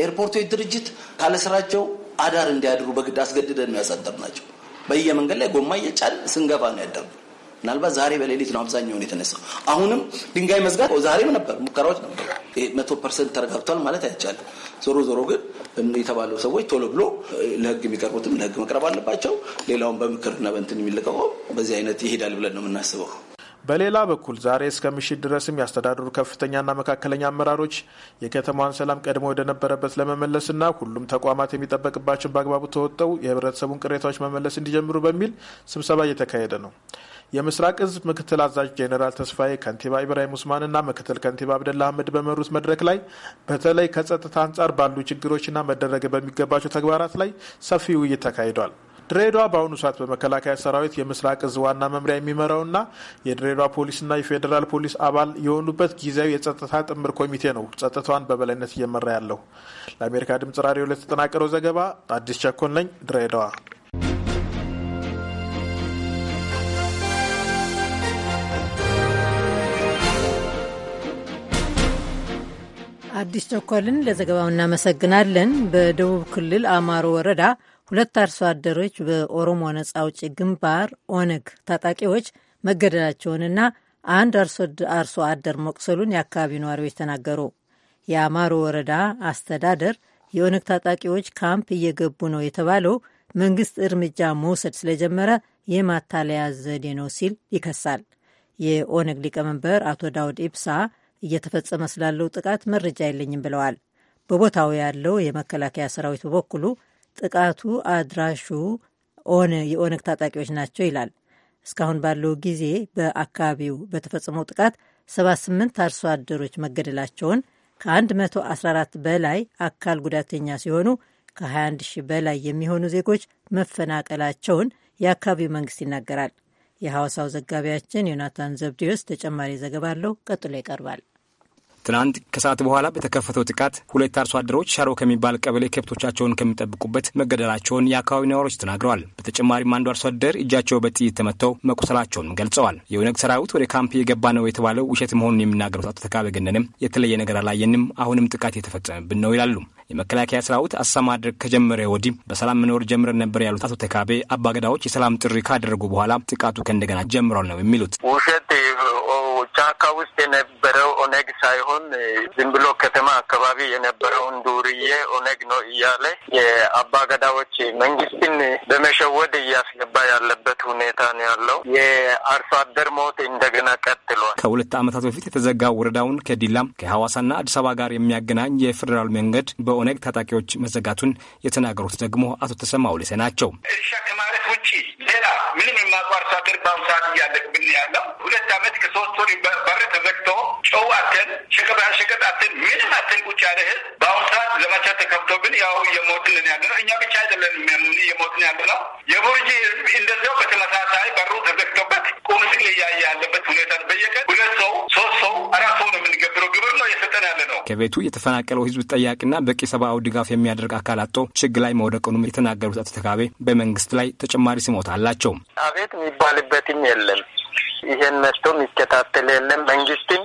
I: ኤርፖርቶች ድርጅት ካለስራቸው አዳር እንዲያድሩ በግድ አስገድደን ነው ያሳደር ናቸው። በየመንገድ ላይ ጎማ እየጫን ስንገባ ነው ያደር። ምናልባት ዛሬ በሌሊት ነው አብዛኛውን የተነሳው። አሁንም ድንጋይ መዝጋት ዛሬም ነበር፣ ሙከራዎች ነበር። መቶ ፐርሰንት ተረጋግቷል ማለት አይቻልም። ዞሮ ዞሮ ግን የተባለው ሰዎች ቶሎ ብሎ ለህግ የሚቀርቡትም ለህግ መቅረብ አለባቸው። ሌላውን በምክርና በእንትን የሚልቀው በዚህ አይነት ይሄዳል ብለን ነው የምናስበው።
G: በሌላ በኩል ዛሬ እስከ ምሽት ድረስም ያስተዳደሩ ከፍተኛና መካከለኛ አመራሮች የከተማዋን ሰላም ቀድሞ ወደነበረበት ለመመለስና ሁሉም ተቋማት የሚጠበቅባቸውን በአግባቡ ተወጠው የህብረተሰቡን ቅሬታዎች መመለስ እንዲጀምሩ በሚል ስብሰባ እየተካሄደ ነው። የምስራቅ ህዝብ ምክትል አዛዥ ጄኔራል ተስፋዬ ከንቲባ ኢብራሂም ውስማንና ምክትል ከንቲባ አብደላ አህመድ በመሩት መድረክ ላይ በተለይ ከጸጥታ አንጻር ባሉ ችግሮችና መደረግ በሚገባቸው ተግባራት ላይ ሰፊ ውይይት ተካሂዷል። ድሬዳዋ በአሁኑ ሰዓት በመከላከያ ሰራዊት የምስራቅ እዝ ዋና መምሪያ የሚመራውና የድሬዳዋ ፖሊስና የፌዴራል ፖሊስ አባል የሆኑበት ጊዜያዊ የጸጥታ ጥምር ኮሚቴ ነው ጸጥታዋን በበላይነት እየመራ ያለው። ለአሜሪካ ድምጽ ራዲዮ ለተጠናቀረው ዘገባ አዲስ ቸኮን ነኝ ድሬዳዋ።
C: አዲስ ቸኮልን ለዘገባው እናመሰግናለን። በደቡብ ክልል አማሮ ወረዳ ሁለት አርሶ አደሮች በኦሮሞ ነጻ አውጪ ግንባር ኦነግ ታጣቂዎች መገደላቸውንና አንድ አርሶ አደር መቁሰሉን የአካባቢው ነዋሪዎች ተናገሩ። የአማሮ ወረዳ አስተዳደር የኦነግ ታጣቂዎች ካምፕ እየገቡ ነው የተባለው መንግስት እርምጃ መውሰድ ስለጀመረ የማታለያ ዘዴ ነው ሲል ይከሳል። የኦነግ ሊቀመንበር አቶ ዳውድ ኢብሳ እየተፈጸመ ስላለው ጥቃት መረጃ የለኝም ብለዋል። በቦታው ያለው የመከላከያ ሰራዊት በበኩሉ ጥቃቱ አድራሹ የኦነግ ታጣቂዎች ናቸው ይላል። እስካሁን ባለው ጊዜ በአካባቢው በተፈጸመው ጥቃት 78 አርሶ አደሮች መገደላቸውን ከ114 በላይ አካል ጉዳተኛ ሲሆኑ ከ21 ሺህ በላይ የሚሆኑ ዜጎች መፈናቀላቸውን የአካባቢው መንግስት ይናገራል። የሐዋሳው ዘጋቢያችን ዮናታን ዘብዲዮስ ተጨማሪ ዘገባ አለው፣ ቀጥሎ ይቀርባል።
J: ትናንት ከሰዓት በኋላ በተከፈተው ጥቃት ሁለት አርሶ አደሮች ሻሮ ከሚባል ቀበሌ ከብቶቻቸውን ከሚጠብቁበት መገደላቸውን የአካባቢ ነዋሪዎች ተናግረዋል። በተጨማሪም አንዱ አርሶ አደር እጃቸው በጥይት ተመተው መቁሰላቸውን ገልጸዋል። የኦነግ ሰራዊት ወደ ካምፕ የገባ ነው የተባለው ውሸት መሆኑን የሚናገሩት አቶ ተካበ ገነንም የተለየ ነገር አላየንም፣ አሁንም ጥቃት የተፈጸመብን ነው ይላሉ። የመከላከያ ሰራዊት አሳ ማድረግ ከጀመረ ወዲህ በሰላም መኖር ጀምረን ነበር ያሉት አቶ ተካቤ አባገዳዎች የሰላም ጥሪ ካደረጉ በኋላ ጥቃቱ ከእንደገና ጀምሯል ነው የሚሉት።
B: ውሸት ጫካ ውስጥ የነበረው ኦነግ ሳይሆን አሁን ዝም ብሎ ከተማ አካባቢ የነበረውን ዱርዬ ኦነግ ነው እያለ የአባ ገዳዎች መንግስትን በመሸወድ እያስገባ ያለበት ሁኔታ ነው ያለው። የአርሶ አደር ሞት
J: እንደገና ቀጥሏል። ከሁለት ዓመታት በፊት የተዘጋ ወረዳውን ከዲላም ከሐዋሳና አዲስ አበባ ጋር የሚያገናኝ የፌዴራል መንገድ በኦነግ ታጣቂዎች መዘጋቱን የተናገሩት ደግሞ አቶ ተሰማ ውልሴ ናቸው።
B: እርሻ ከማለት ውጭ ሌላ ምንም የማቋርሳደር በአሁኑ ሰዓት እያለቅብን
J: ያለው
K: ሁለት ዓመት ከሶስት ወር በር ተዘግተው ጨው አተን ሸቀጣ ሸቀጥ አተን ምንም አተን
D: ቁጭ ያለ ህዝብ በአሁኑ ሰዓት ዘመቻ ተከፍቶብን ያው የሞትን ያለ ነው። እኛ ብቻ አይደለን እየሞትን ያለ ነው። የቡርጂ ህዝብ እንደዚያው በተመሳሳይ በሩ ተዘግቶበት ቁምስል እያየ
B: ያለበት ሁኔታ በየቀን ሁለት ሰው ሶስት ሰው
J: አራት ሰው ነው የምንገብረው ግብር ነው እየሰጠን ያለ ነው። ከቤቱ የተፈናቀለው ህዝብ ጠያቂና በቂ ሰብአዊ ድጋፍ የሚያደርግ አካል አጥቶ ችግር ላይ መውደቀኑም የተናገሩት አቶ ተካቤ በመንግስት ላይ ተጨማሪ ስሞታ አላቸው።
B: አቤት የሚባልበትም የለም። ይሄን መጥቶ የሚከታተል የለም መንግስትም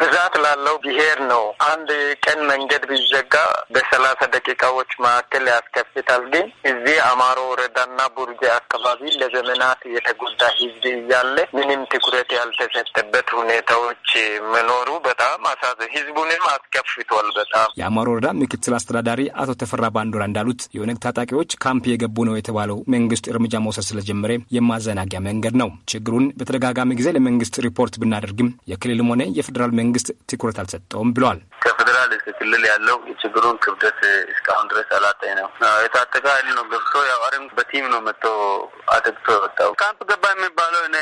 B: ብዛት ላለው ብሄር ነው። አንድ ቀን መንገድ ቢዘጋ በሰላሳ ደቂቃዎች መካከል ያስከፍታል። ግን እዚህ አማሮ ወረዳና ቡርጌ አካባቢ ለዘመናት የተጎዳ ህዝብ እያለ ምንም ትኩረት ያልተሰጠበት ሁኔታዎች መኖሩ በጣም አሳዘ ህዝቡንም አስከፍቷል። በጣም
J: የአማሮ ወረዳ ምክትል አስተዳዳሪ አቶ ተፈራ ባንዶራ እንዳሉት የኦነግ ታጣቂዎች ካምፕ የገቡ ነው የተባለው መንግስት እርምጃ መውሰድ ስለጀመረ የማዘናጊያ መንገድ ነው። ችግሩን በተደጋጋሚ ጊዜ ለመንግስት ሪፖርት ብናደርግም የክልልም ሆነ የፌዴራል መንግስት ትኩረት አልሰጠውም ብሏል። ከፌዴራል
B: እስከ ክልል ያለው የችግሩን ክብደት እስካሁን ድረስ አላጠኝ ነው። የታጠቀ ኃይል ነው ገብቶ የአዋሪም በቲም ነው መጥቶ አጠቅቶ የወጣው። ካምፕ ገባ የሚባለው እኔ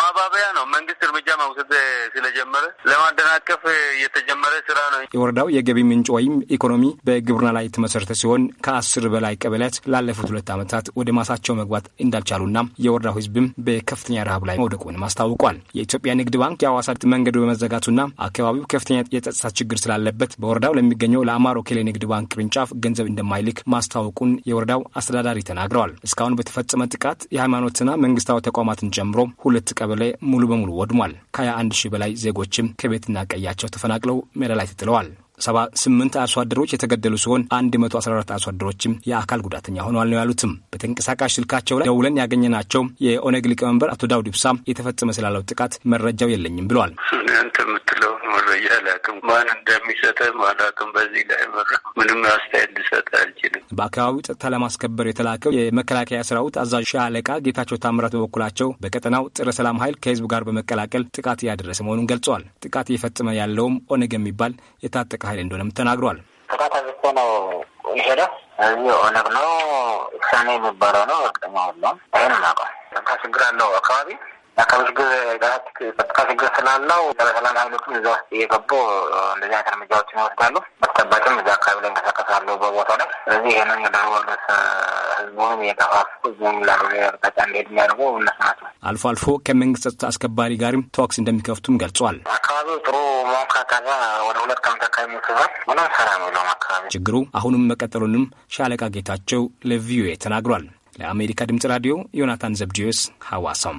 B: ማባበያ ነው።
J: መንግስት እርምጃ መውሰድ ስለጀመረ ለማደናቀፍ የተጀመረ ስራ ነው። የወረዳው የገቢ ምንጭ ወይም ኢኮኖሚ በግብርና ላይ የተመሰረተ ሲሆን ከአስር በላይ ቀበሌያት ላለፉት ሁለት ዓመታት ወደ ማሳቸው መግባት እንዳልቻሉና የወረዳው ህዝብም በከፍተኛ ረሃብ ላይ መውደቁንም አስታውቋል። የኢትዮጵያ ንግድ ባንክ የሐዋሳ መንገዱ በመዘጋቱና አካባቢው ከፍተኛ የጸጥታ ችግር ስላለበት በወረዳው ለሚገኘው ለአማሮ ኬሌ ንግድ ባንክ ቅርንጫፍ ገንዘብ እንደማይልክ ማስታወቁን የወረዳው አስተዳዳሪ ተናግረዋል። እስካሁን በተፈጸመ ጥቃት የሃይማኖትና መንግስታዊ ተቋማትን ጨምሮ ሁለት ቀበሌ ሙሉ በሙሉ ወድሟል። ከ21 ሺህ በላይ ዜጎችም ከቤትና ቀያቸው ተፈናቅለው ሜዳ ላይ ተጥለዋል። 78 አርሶ አደሮች የተገደሉ ሲሆን 114 አርሶ አደሮችም የአካል ጉዳተኛ ሆኗል ነው ያሉትም። በተንቀሳቃሽ ስልካቸው ላይ ደውለን ያገኘናቸው የኦነግ ሊቀመንበር አቶ ዳውድ ኢብሳ የተፈጸመ ስላለው ጥቃት መረጃው የለኝም ብለዋል።
B: እኔ የምትለው መረጃ አላውቅም። ማን እንደሚሰጠ አላውቅም። በዚህ ላይ ምንም አስተያየት ልሰጥ
J: አልችልም። በአካባቢው ጸጥታ ለማስከበር የተላከው የመከላከያ ሰራዊት አዛዥ ሻለቃ ጌታቸው ታምራት በበኩላቸው በቀጠናው ጥረ ሰላም ኃይል ከህዝቡ ጋር በመቀላቀል ጥቃት እያደረሰ መሆኑን ገልጸዋል። ጥቃት እየፈጸመ ያለውም ኦነግ የሚባል የታጠቀ ኃይል እንደሆነም ተናግሯል። ጥቃት አዝቶ ነው የሄደው። እዚህ ኦነግ ነው፣ ሳኔ የሚባለው
B: ነው። እርቅማ ሁሉም ይህን ችግር አለው አካባቢ የአካባቢ ችግር ጸጥታ
K: ችግር ስላለው ሰላም ኃይሎችም እዛ ውስጥ እየገቡ እንደዚህ አይነት እርምጃዎችን ይወስዳሉ። በተጨባጭም እዛ አካባቢ ላይ እንቀሳቀሳሉ በቦታ ላይ። ስለዚህ ይህንን ደርወልስ
J: ህዝቡንም
B: እየቀፋፉ ህዝቡም ላልሆነ አቅጣጫ እንዲሄድ የሚያደርጉ እነሱ ናቸው።
J: አልፎ አልፎ ከመንግስት ጸጥታ አስከባሪ ጋርም ተኩስ እንደሚከፍቱም ገልጿል።
B: አካባቢው ጥሩ መሆን ካቃዛ ወደ ሁለት ቀን አካባቢ ሞስዟል። ምንም
J: ሰላም የለውም አካባቢ። ችግሩ አሁንም መቀጠሉንም ሻለቃ ጌታቸው ለቪዮኤ ተናግሯል። ለአሜሪካ ድምጽ ራዲዮ ዮናታን ዘብዲዮስ ሐዋሳም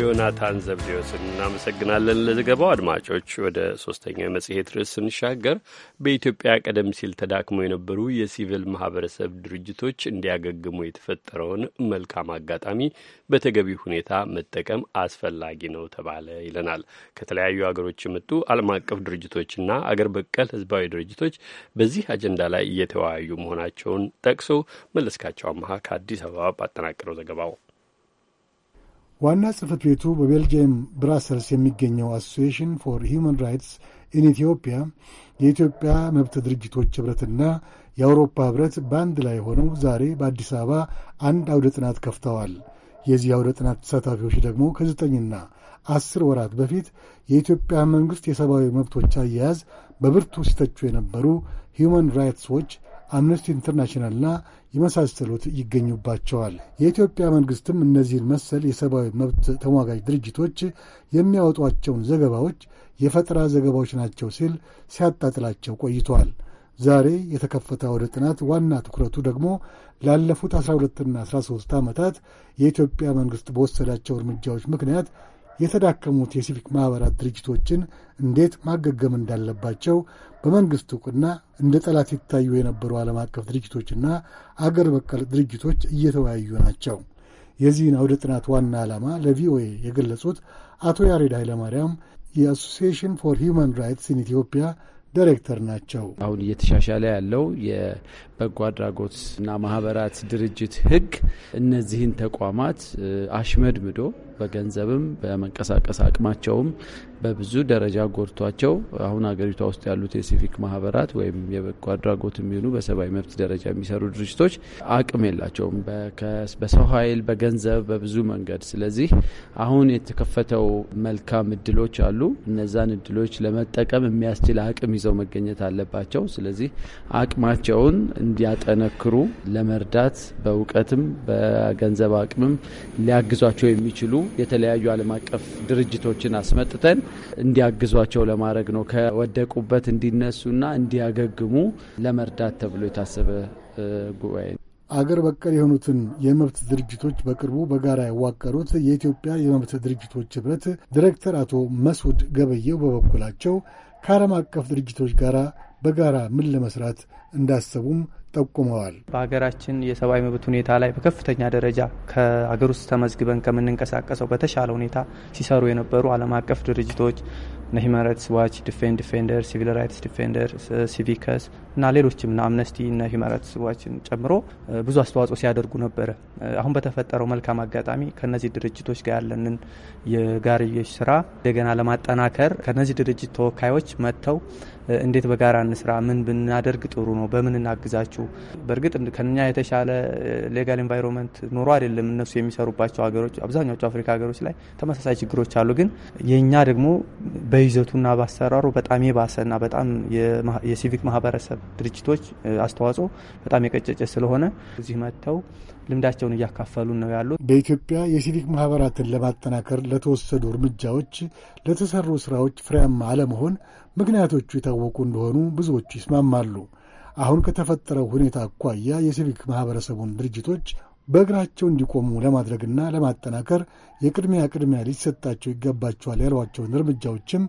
A: ዮናታን ዘብዴዎስን እናመሰግናለን ለዘገባው። አድማጮች፣ ወደ ሶስተኛው የመጽሔት ርዕስ ስንሻገር በኢትዮጵያ ቀደም ሲል ተዳክሞ የነበሩ የሲቪል ማህበረሰብ ድርጅቶች እንዲያገግሙ የተፈጠረውን መልካም አጋጣሚ በተገቢ ሁኔታ መጠቀም አስፈላጊ ነው ተባለ ይለናል። ከተለያዩ አገሮች የመጡ ዓለም አቀፍ ድርጅቶችና አገር በቀል ህዝባዊ ድርጅቶች በዚህ አጀንዳ ላይ እየተወያዩ መሆናቸውን ጠቅሶ መለስካቸው አመሀ ከአዲስ አበባ ባጠናቀረው ዘገባው
L: ዋና ጽህፈት ቤቱ በቤልጅየም ብራሰልስ የሚገኘው አሶሲሽን ፎር ሂውማን ራይትስ ኢን ኢትዮጵያ የኢትዮጵያ መብት ድርጅቶች ኅብረትና የአውሮፓ ኅብረት በአንድ ላይ ሆነው ዛሬ በአዲስ አበባ አንድ አውደ ጥናት ከፍተዋል። የዚህ አውደ ጥናት ተሳታፊዎች ደግሞ ከዘጠኝና አስር ወራት በፊት የኢትዮጵያ መንግሥት የሰብአዊ መብቶች አያያዝ በብርቱ ሲተቹ የነበሩ ሂውማን ራይትስ ዎች፣ አምነስቲ ኢንተርናሽናልና የመሳሰሉት ይገኙባቸዋል። የኢትዮጵያ መንግሥትም እነዚህን መሰል የሰብአዊ መብት ተሟጋጅ ድርጅቶች የሚያወጧቸውን ዘገባዎች የፈጠራ ዘገባዎች ናቸው ሲል ሲያጣጥላቸው ቆይቷል። ዛሬ የተከፈተ ወደ ጥናት ዋና ትኩረቱ ደግሞ ላለፉት 12ና 13 ዓመታት የኢትዮጵያ መንግሥት በወሰዳቸው እርምጃዎች ምክንያት የተዳከሙት የሲቪክ ማኅበራት ድርጅቶችን እንዴት ማገገም እንዳለባቸው በመንግሥት ዕውቅና እንደ ጠላት ይታዩ የነበሩ ዓለም አቀፍ ድርጅቶችና አገር በቀል ድርጅቶች እየተወያዩ ናቸው። የዚህን አውደ ጥናት ዋና ዓላማ ለቪኦኤ የገለጹት አቶ ያሬድ ኃይለማርያም የአሶሲሽን ፎር ሂውማን ራይትስ ኢን ኢትዮጵያ ዳይሬክተር ናቸው።
M: አሁን እየተሻሻለ ያለው የበጎ አድራጎትና ማህበራት ድርጅት ህግ እነዚህን ተቋማት አሽመድምዶ በገንዘብም በመንቀሳቀስ አቅማቸውም በብዙ ደረጃ ጎድቷቸው አሁን ሀገሪቷ ውስጥ ያሉት የሲቪክ ማህበራት ወይም የበጎ አድራጎት የሚሆኑ በሰብአዊ መብት ደረጃ የሚሰሩ ድርጅቶች አቅም የላቸውም በሰው ኃይል፣ በገንዘብ፣ በብዙ መንገድ። ስለዚህ አሁን የተከፈተው መልካም እድሎች አሉ። እነዛን እድሎች ለመጠቀም የሚያስችል አቅም ይዘው መገኘት አለባቸው። ስለዚህ አቅማቸውን እንዲያጠነክሩ ለመርዳት በእውቀትም በገንዘብ አቅምም ሊያግዟቸው የሚችሉ የተለያዩ ዓለም አቀፍ ድርጅቶችን አስመጥተን እንዲያግዟቸው ለማድረግ ነው። ከወደቁበት እንዲነሱና እንዲያገግሙ ለመርዳት ተብሎ የታሰበ ጉባኤ ነው።
L: አገር በቀል የሆኑትን የመብት ድርጅቶች በቅርቡ በጋራ ያዋቀሩት የኢትዮጵያ የመብት ድርጅቶች ኅብረት ዲሬክተር አቶ መስዑድ ገበየው በበኩላቸው ከዓለም አቀፍ ድርጅቶች ጋር በጋራ ምን ለመስራት እንዳሰቡም ጠቁመዋል።
N: በሀገራችን የሰብአዊ መብት ሁኔታ ላይ በከፍተኛ ደረጃ ከሀገር ውስጥ ተመዝግበን ከምንንቀሳቀሰው በተሻለ ሁኔታ ሲሰሩ የነበሩ ዓለም አቀፍ ድርጅቶች ሂውማን ራይትስ ዋች፣ ዲፌን ዲፌንደር፣ ሲቪል ራይትስ ዲፌንደር፣ ሲቪከስ እና ሌሎችም ና አምነስቲ እና ሂውማን ራይትስ ዋችን ጨምሮ ብዙ አስተዋጽኦ ሲያደርጉ ነበረ። አሁን በተፈጠረው መልካም አጋጣሚ ከነዚህ ድርጅቶች ጋር ያለንን የጋርዮች ስራ እንደገና ለማጠናከር ከነዚህ ድርጅት ተወካዮች መጥተው እንዴት በጋራ እንስራ፣ ምን ብናደርግ ጥሩ ነው፣ በምን እናግዛችሁ። በእርግጥ ከኛ የተሻለ ሌጋል ኤንቫይሮንመንት ኖሮ አይደለም እነሱ የሚሰሩባቸው ሀገሮች፣ አብዛኛዎቹ አፍሪካ ሀገሮች ላይ ተመሳሳይ ችግሮች አሉ። ግን የእኛ ደግሞ በይዘቱና በአሰራሩ በጣም የባሰና በጣም የሲቪክ ማህበረሰብ ድርጅቶች አስተዋጽኦ በጣም የቀጨጨ ስለሆነ እዚህ መጥተው ልምዳቸውን እያካፈሉ
L: ነው ያሉት። በኢትዮጵያ የሲቪክ ማህበራትን ለማጠናከር ለተወሰዱ እርምጃዎች፣ ለተሰሩ ስራዎች ፍሬያማ አለመሆን ምክንያቶቹ የታወቁ እንደሆኑ ብዙዎቹ ይስማማሉ። አሁን ከተፈጠረው ሁኔታ አኳያ የሲቪክ ማህበረሰቡን ድርጅቶች በእግራቸው እንዲቆሙ ለማድረግና ለማጠናከር የቅድሚያ ቅድሚያ ሊሰጣቸው ይገባቸዋል ያሏቸውን እርምጃዎችም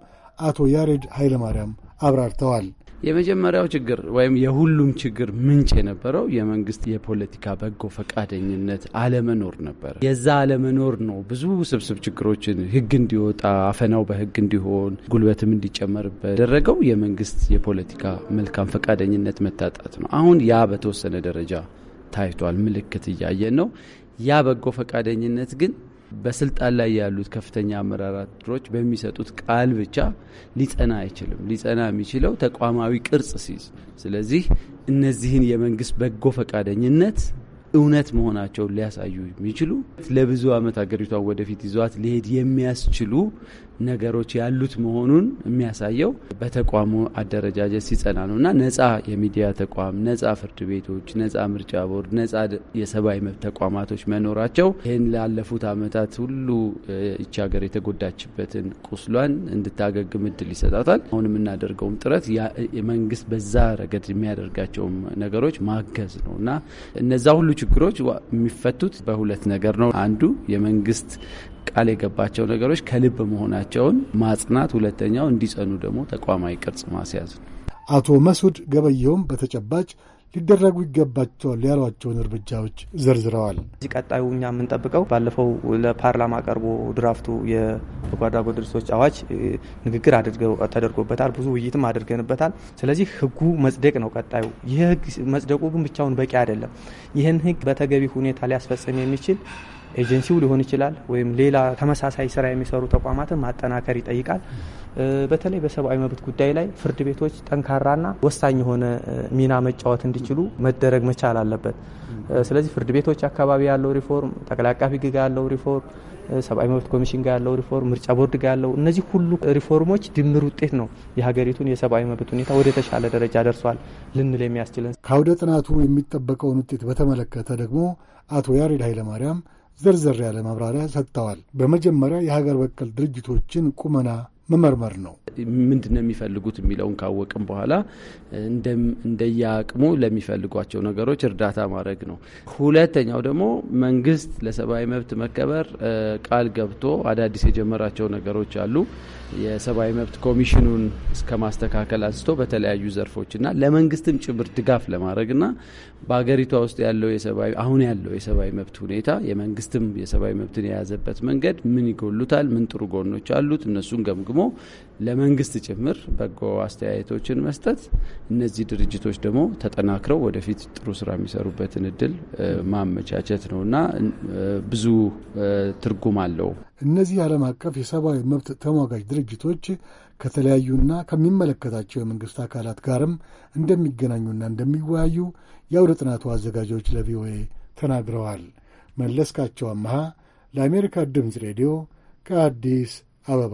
L: አቶ ያሬድ ኃይለማርያም አብራርተዋል።
M: የመጀመሪያው ችግር ወይም የሁሉም ችግር ምንጭ የነበረው የመንግስት የፖለቲካ በጎ ፈቃደኝነት አለመኖር ነበር። የዛ አለመኖር ነው ብዙ ስብስብ ችግሮችን ህግ እንዲወጣ አፈናው በህግ እንዲሆን ጉልበትም እንዲጨመርበት ያደረገው የመንግስት የፖለቲካ መልካም ፈቃደኝነት መታጣት ነው። አሁን ያ በተወሰነ ደረጃ ታይቷል። ምልክት እያየን ነው። ያ በጎ ፈቃደኝነት ግን በስልጣን ላይ ያሉት ከፍተኛ አመራራሮች በሚሰጡት ቃል ብቻ ሊጸና አይችልም። ሊጸና የሚችለው ተቋማዊ ቅርጽ ሲይዝ። ስለዚህ እነዚህን የመንግስት በጎ ፈቃደኝነት እውነት መሆናቸውን ሊያሳዩ የሚችሉ ለብዙ ዓመት ሀገሪቷን ወደፊት ይዟት ሊሄድ የሚያስችሉ ነገሮች ያሉት መሆኑን የሚያሳየው በተቋሙ አደረጃጀት ሲጸና ነው እና ነጻ የሚዲያ ተቋም፣ ነጻ ፍርድ ቤቶች፣ ነጻ ምርጫ ቦርድ፣ ነጻ የሰብአዊ መብት ተቋማቶች መኖራቸው ይህን ላለፉት አመታት ሁሉ ይቺ ሀገር የተጎዳችበትን ቁስሏን እንድታገግም እድል ይሰጣታል። አሁን የምናደርገውም ጥረት መንግስት በዛ ረገድ የሚያደርጋቸውም ነገሮች ማገዝ ነው እና እነዛ ሁሉ ችግሮች የሚፈቱት በሁለት ነገር ነው። አንዱ የመንግስት ቃል የገባቸው ነገሮች ከልብ መሆናቸውን ማጽናት፣ ሁለተኛው እንዲጸኑ ደግሞ ተቋማዊ ቅርጽ ማስያዝ ነው።
L: አቶ መስዑድ ገበየውም በተጨባጭ ሊደረጉ ይገባቸዋል ያሏቸውን እርምጃዎች ዘርዝረዋል። እዚህ ቀጣዩ
N: እኛ የምንጠብቀው ባለፈው ለፓርላማ ቀርቦ ድራፍቱ የበጎ አድራጎት ድርጅቶች አዋጅ ንግግር ተደርጎበታል። ብዙ ውይይትም አድርገንበታል። ስለዚህ ህጉ መጽደቅ ነው ቀጣዩ። ይህ ህግ መጽደቁ ግን ብቻውን በቂ አይደለም። ይህን ህግ በተገቢ ሁኔታ ሊያስፈጽም የሚችል ኤጀንሲው ሊሆን ይችላል ወይም ሌላ ተመሳሳይ ስራ የሚሰሩ ተቋማትን ማጠናከር ይጠይቃል። በተለይ በሰብአዊ መብት ጉዳይ ላይ ፍርድ ቤቶች ጠንካራና ወሳኝ የሆነ ሚና መጫወት እንዲችሉ መደረግ መቻል አለበት። ስለዚህ ፍርድ ቤቶች አካባቢ ያለው ሪፎርም፣ ጠቅላይ አቃቢ ሕግ ጋር ያለው ሪፎርም፣ ሰብአዊ መብት ኮሚሽን ጋር ያለው ሪፎርም፣ ምርጫ ቦርድ ጋር ያለው እነዚህ ሁሉ ሪፎርሞች ድምር ውጤት ነው የሀገሪቱን የሰብአዊ መብት ሁኔታ ወደ ተሻለ ደረጃ ደርሷል ልንል የሚያስችለን።
L: ከአውደ ጥናቱ የሚጠበቀውን ውጤት በተመለከተ ደግሞ አቶ ያሬድ ኃይለማርያም ዘርዘር ያለ ማብራሪያ ሰጥተዋል። በመጀመሪያ የሀገር በቀል ድርጅቶችን ቁመና መመርመር ነው።
M: ምንድን ነው የሚፈልጉት የሚለውን ካወቅም በኋላ እንደየአቅሙ ለሚፈልጓቸው ነገሮች እርዳታ ማድረግ ነው። ሁለተኛው ደግሞ መንግስት ለሰብአዊ መብት መከበር ቃል ገብቶ አዳዲስ የጀመራቸው ነገሮች አሉ። የሰብአዊ መብት ኮሚሽኑን እስከ ማስተካከል አንስቶ በተለያዩ ዘርፎችና ለመንግስትም ጭምር ድጋፍ ለማድረግና በሀገሪቷ ውስጥ ያለው የሰብአዊ አሁን ያለው የሰብአዊ መብት ሁኔታ የመንግስትም የሰብአዊ መብትን የያዘበት መንገድ ምን ይጎሉታል፣ ምን ጥሩ ጎኖች አሉት፣ እነሱን ገምግሞ ለመንግስት ጭምር በጎ አስተያየቶችን መስጠት፣ እነዚህ ድርጅቶች ደግሞ ተጠናክረው ወደፊት ጥሩ ስራ የሚሰሩበትን እድል ማመቻቸት እና ብዙ ትርጉም አለው።
L: እነዚህ ዓለም አቀፍ የሰብአዊ መብት ተሟጋጅ ድርጅቶች ከተለያዩና ከሚመለከታቸው የመንግስት አካላት ጋርም እንደሚገናኙና እንደሚወያዩ የአውደ ጥናቱ አዘጋጆች ለቪኦኤ ተናግረዋል። መለስካቸው አመሃ ለአሜሪካ ድምፅ ሬዲዮ ከአዲስ አበባ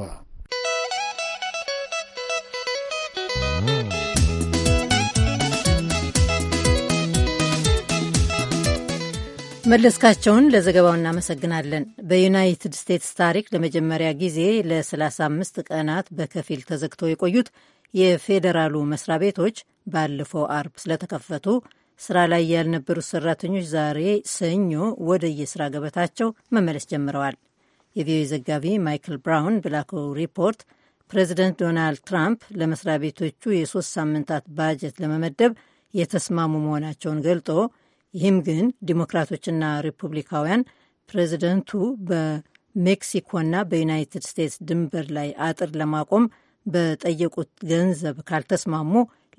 C: መለስካቸውን ለዘገባው እናመሰግናለን። በዩናይትድ ስቴትስ ታሪክ ለመጀመሪያ ጊዜ ለ35 ቀናት በከፊል ተዘግተው የቆዩት የፌዴራሉ መስሪያ ቤቶች ባለፈው አርብ ስለተከፈቱ ስራ ላይ ያልነበሩት ሰራተኞች ዛሬ ሰኞ ወደ የስራ ገበታቸው መመለስ ጀምረዋል። የቪኦኤ ዘጋቢ ማይክል ብራውን በላከው ሪፖርት ፕሬዚደንት ዶናልድ ትራምፕ ለመስሪያ ቤቶቹ የሶስት ሳምንታት ባጀት ለመመደብ የተስማሙ መሆናቸውን ገልጦ ይህም ግን ዲሞክራቶችና ሪፑብሊካውያን ፕሬዚደንቱ በሜክሲኮና በዩናይትድ ስቴትስ ድንበር ላይ አጥር ለማቆም በጠየቁት ገንዘብ ካልተስማሙ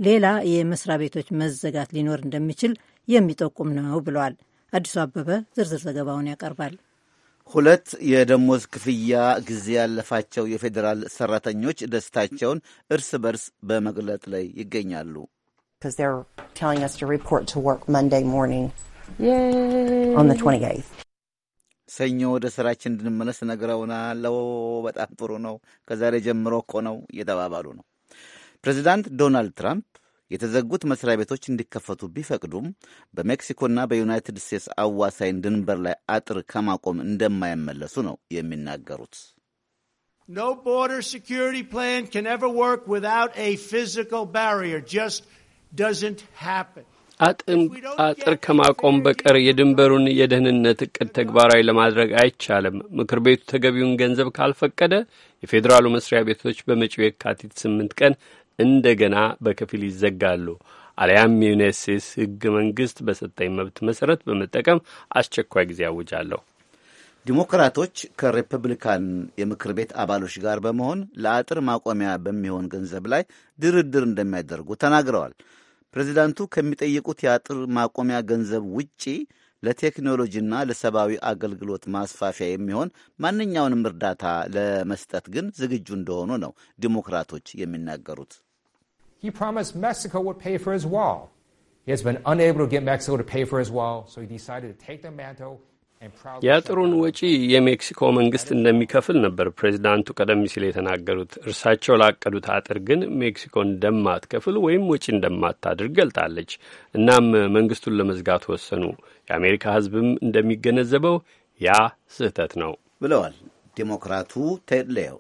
C: ሌላ የመስሪያ ቤቶች መዘጋት ሊኖር እንደሚችል የሚጠቁም ነው ብለዋል። አዲሱ አበበ ዝርዝር ዘገባውን ያቀርባል።
F: ሁለት የደሞዝ ክፍያ ጊዜ ያለፋቸው የፌዴራል ሰራተኞች ደስታቸውን እርስ በርስ በመግለጥ ላይ ይገኛሉ።
C: because they're
N: telling us to report to work Monday morning Yay. on the 28th.
F: ሰኞ ወደ ስራችን እንድንመለስ ነግረውናል። በጣም ጥሩ ነው። ከዛሬ ጀምሮ እኮ ነው እየተባባሉ ነው። ፕሬዚዳንት ዶናልድ ትራምፕ የተዘጉት መስሪያ ቤቶች እንዲከፈቱ ቢፈቅዱም በሜክሲኮና በዩናይትድ ስቴትስ አዋሳኝ ድንበር ላይ አጥር ከማቆም እንደማይመለሱ ነው የሚናገሩት።
O: No border security plan can ever work without a physical barrier, just
A: አጥር ከማቆም በቀር የድንበሩን የደህንነት እቅድ ተግባራዊ ለማድረግ አይቻልም። ምክር ቤቱ ተገቢውን ገንዘብ ካልፈቀደ የፌዴራሉ መስሪያ ቤቶች በመጪው የካቲት ስምንት ቀን እንደገና በከፊል ይዘጋሉ አሊያም የዩናይት ስቴትስ ሕገ መንግሥት በሰጠኝ መብት መሠረት በመጠቀም አስቸኳይ ጊዜ አውጃለሁ።
F: ዲሞክራቶች ከሪፐብሊካን የምክር ቤት አባሎች ጋር በመሆን ለአጥር ማቆሚያ በሚሆን ገንዘብ ላይ ድርድር እንደሚያደርጉ ተናግረዋል። ፕሬዚዳንቱ ከሚጠይቁት የአጥር ማቆሚያ ገንዘብ ውጪ ለቴክኖሎጂና ለሰብአዊ አገልግሎት ማስፋፊያ የሚሆን ማንኛውንም እርዳታ ለመስጠት ግን ዝግጁ እንደሆኑ ነው ዲሞክራቶች የሚናገሩት።
A: የአጥሩን ወጪ የሜክሲኮ መንግስት እንደሚከፍል ነበር ፕሬዚዳንቱ ቀደም ሲል የተናገሩት። እርሳቸው ላቀዱት አጥር ግን ሜክሲኮ እንደማትከፍል ወይም ወጪ እንደማታድርግ ገልጣለች። እናም መንግስቱን ለመዝጋት ወሰኑ። የአሜሪካ ህዝብም እንደሚገነዘበው ያ ስህተት ነው
F: ብለዋል ዴሞክራቱ ቴድ ሌው።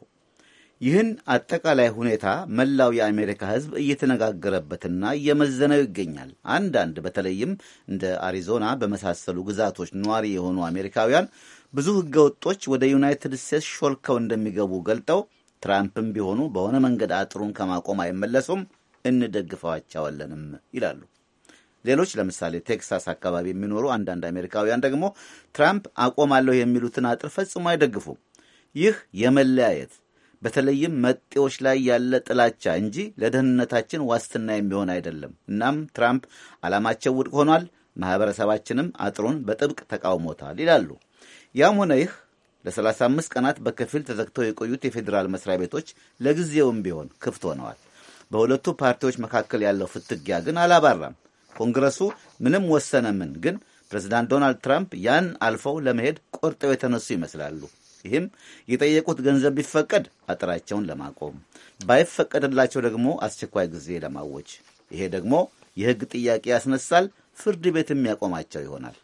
F: ይህን አጠቃላይ ሁኔታ መላው የአሜሪካ ሕዝብ እየተነጋገረበትና እየመዘነው ይገኛል። አንዳንድ በተለይም እንደ አሪዞና በመሳሰሉ ግዛቶች ነዋሪ የሆኑ አሜሪካውያን ብዙ ህገወጦች ወደ ዩናይትድ ስቴትስ ሾልከው እንደሚገቡ ገልጠው ትራምፕም ቢሆኑ በሆነ መንገድ አጥሩን ከማቆም አይመለሱም፣ እንደግፈዋቸዋለንም ይላሉ። ሌሎች ለምሳሌ ቴክሳስ አካባቢ የሚኖሩ አንዳንድ አሜሪካውያን ደግሞ ትራምፕ አቆማለሁ የሚሉትን አጥር ፈጽሞ አይደግፉም። ይህ የመለያየት በተለይም መጤዎች ላይ ያለ ጥላቻ እንጂ ለደህንነታችን ዋስትና የሚሆን አይደለም። እናም ትራምፕ ዓላማቸው ውድቅ ሆኗል፣ ማኅበረሰባችንም አጥሩን በጥብቅ ተቃውሞታል ይላሉ። ያም ሆነ ይህ ለ35 ቀናት በከፊል ተዘግተው የቆዩት የፌዴራል መስሪያ ቤቶች ለጊዜውም ቢሆን ክፍት ሆነዋል። በሁለቱ ፓርቲዎች መካከል ያለው ፍትጊያ ግን አላባራም። ኮንግረሱ ምንም ወሰነ ምን፣ ግን ፕሬዚዳንት ዶናልድ ትራምፕ ያን አልፈው ለመሄድ ቆርጠው የተነሱ ይመስላሉ። ይህም የጠየቁት ገንዘብ ቢፈቀድ አጥራቸውን ለማቆም ባይፈቀድላቸው ደግሞ አስቸኳይ ጊዜ ለማወጅ ይሄ ደግሞ የሕግ ጥያቄ ያስነሳል። ፍርድ ቤትም ያቆማቸው ይሆናል።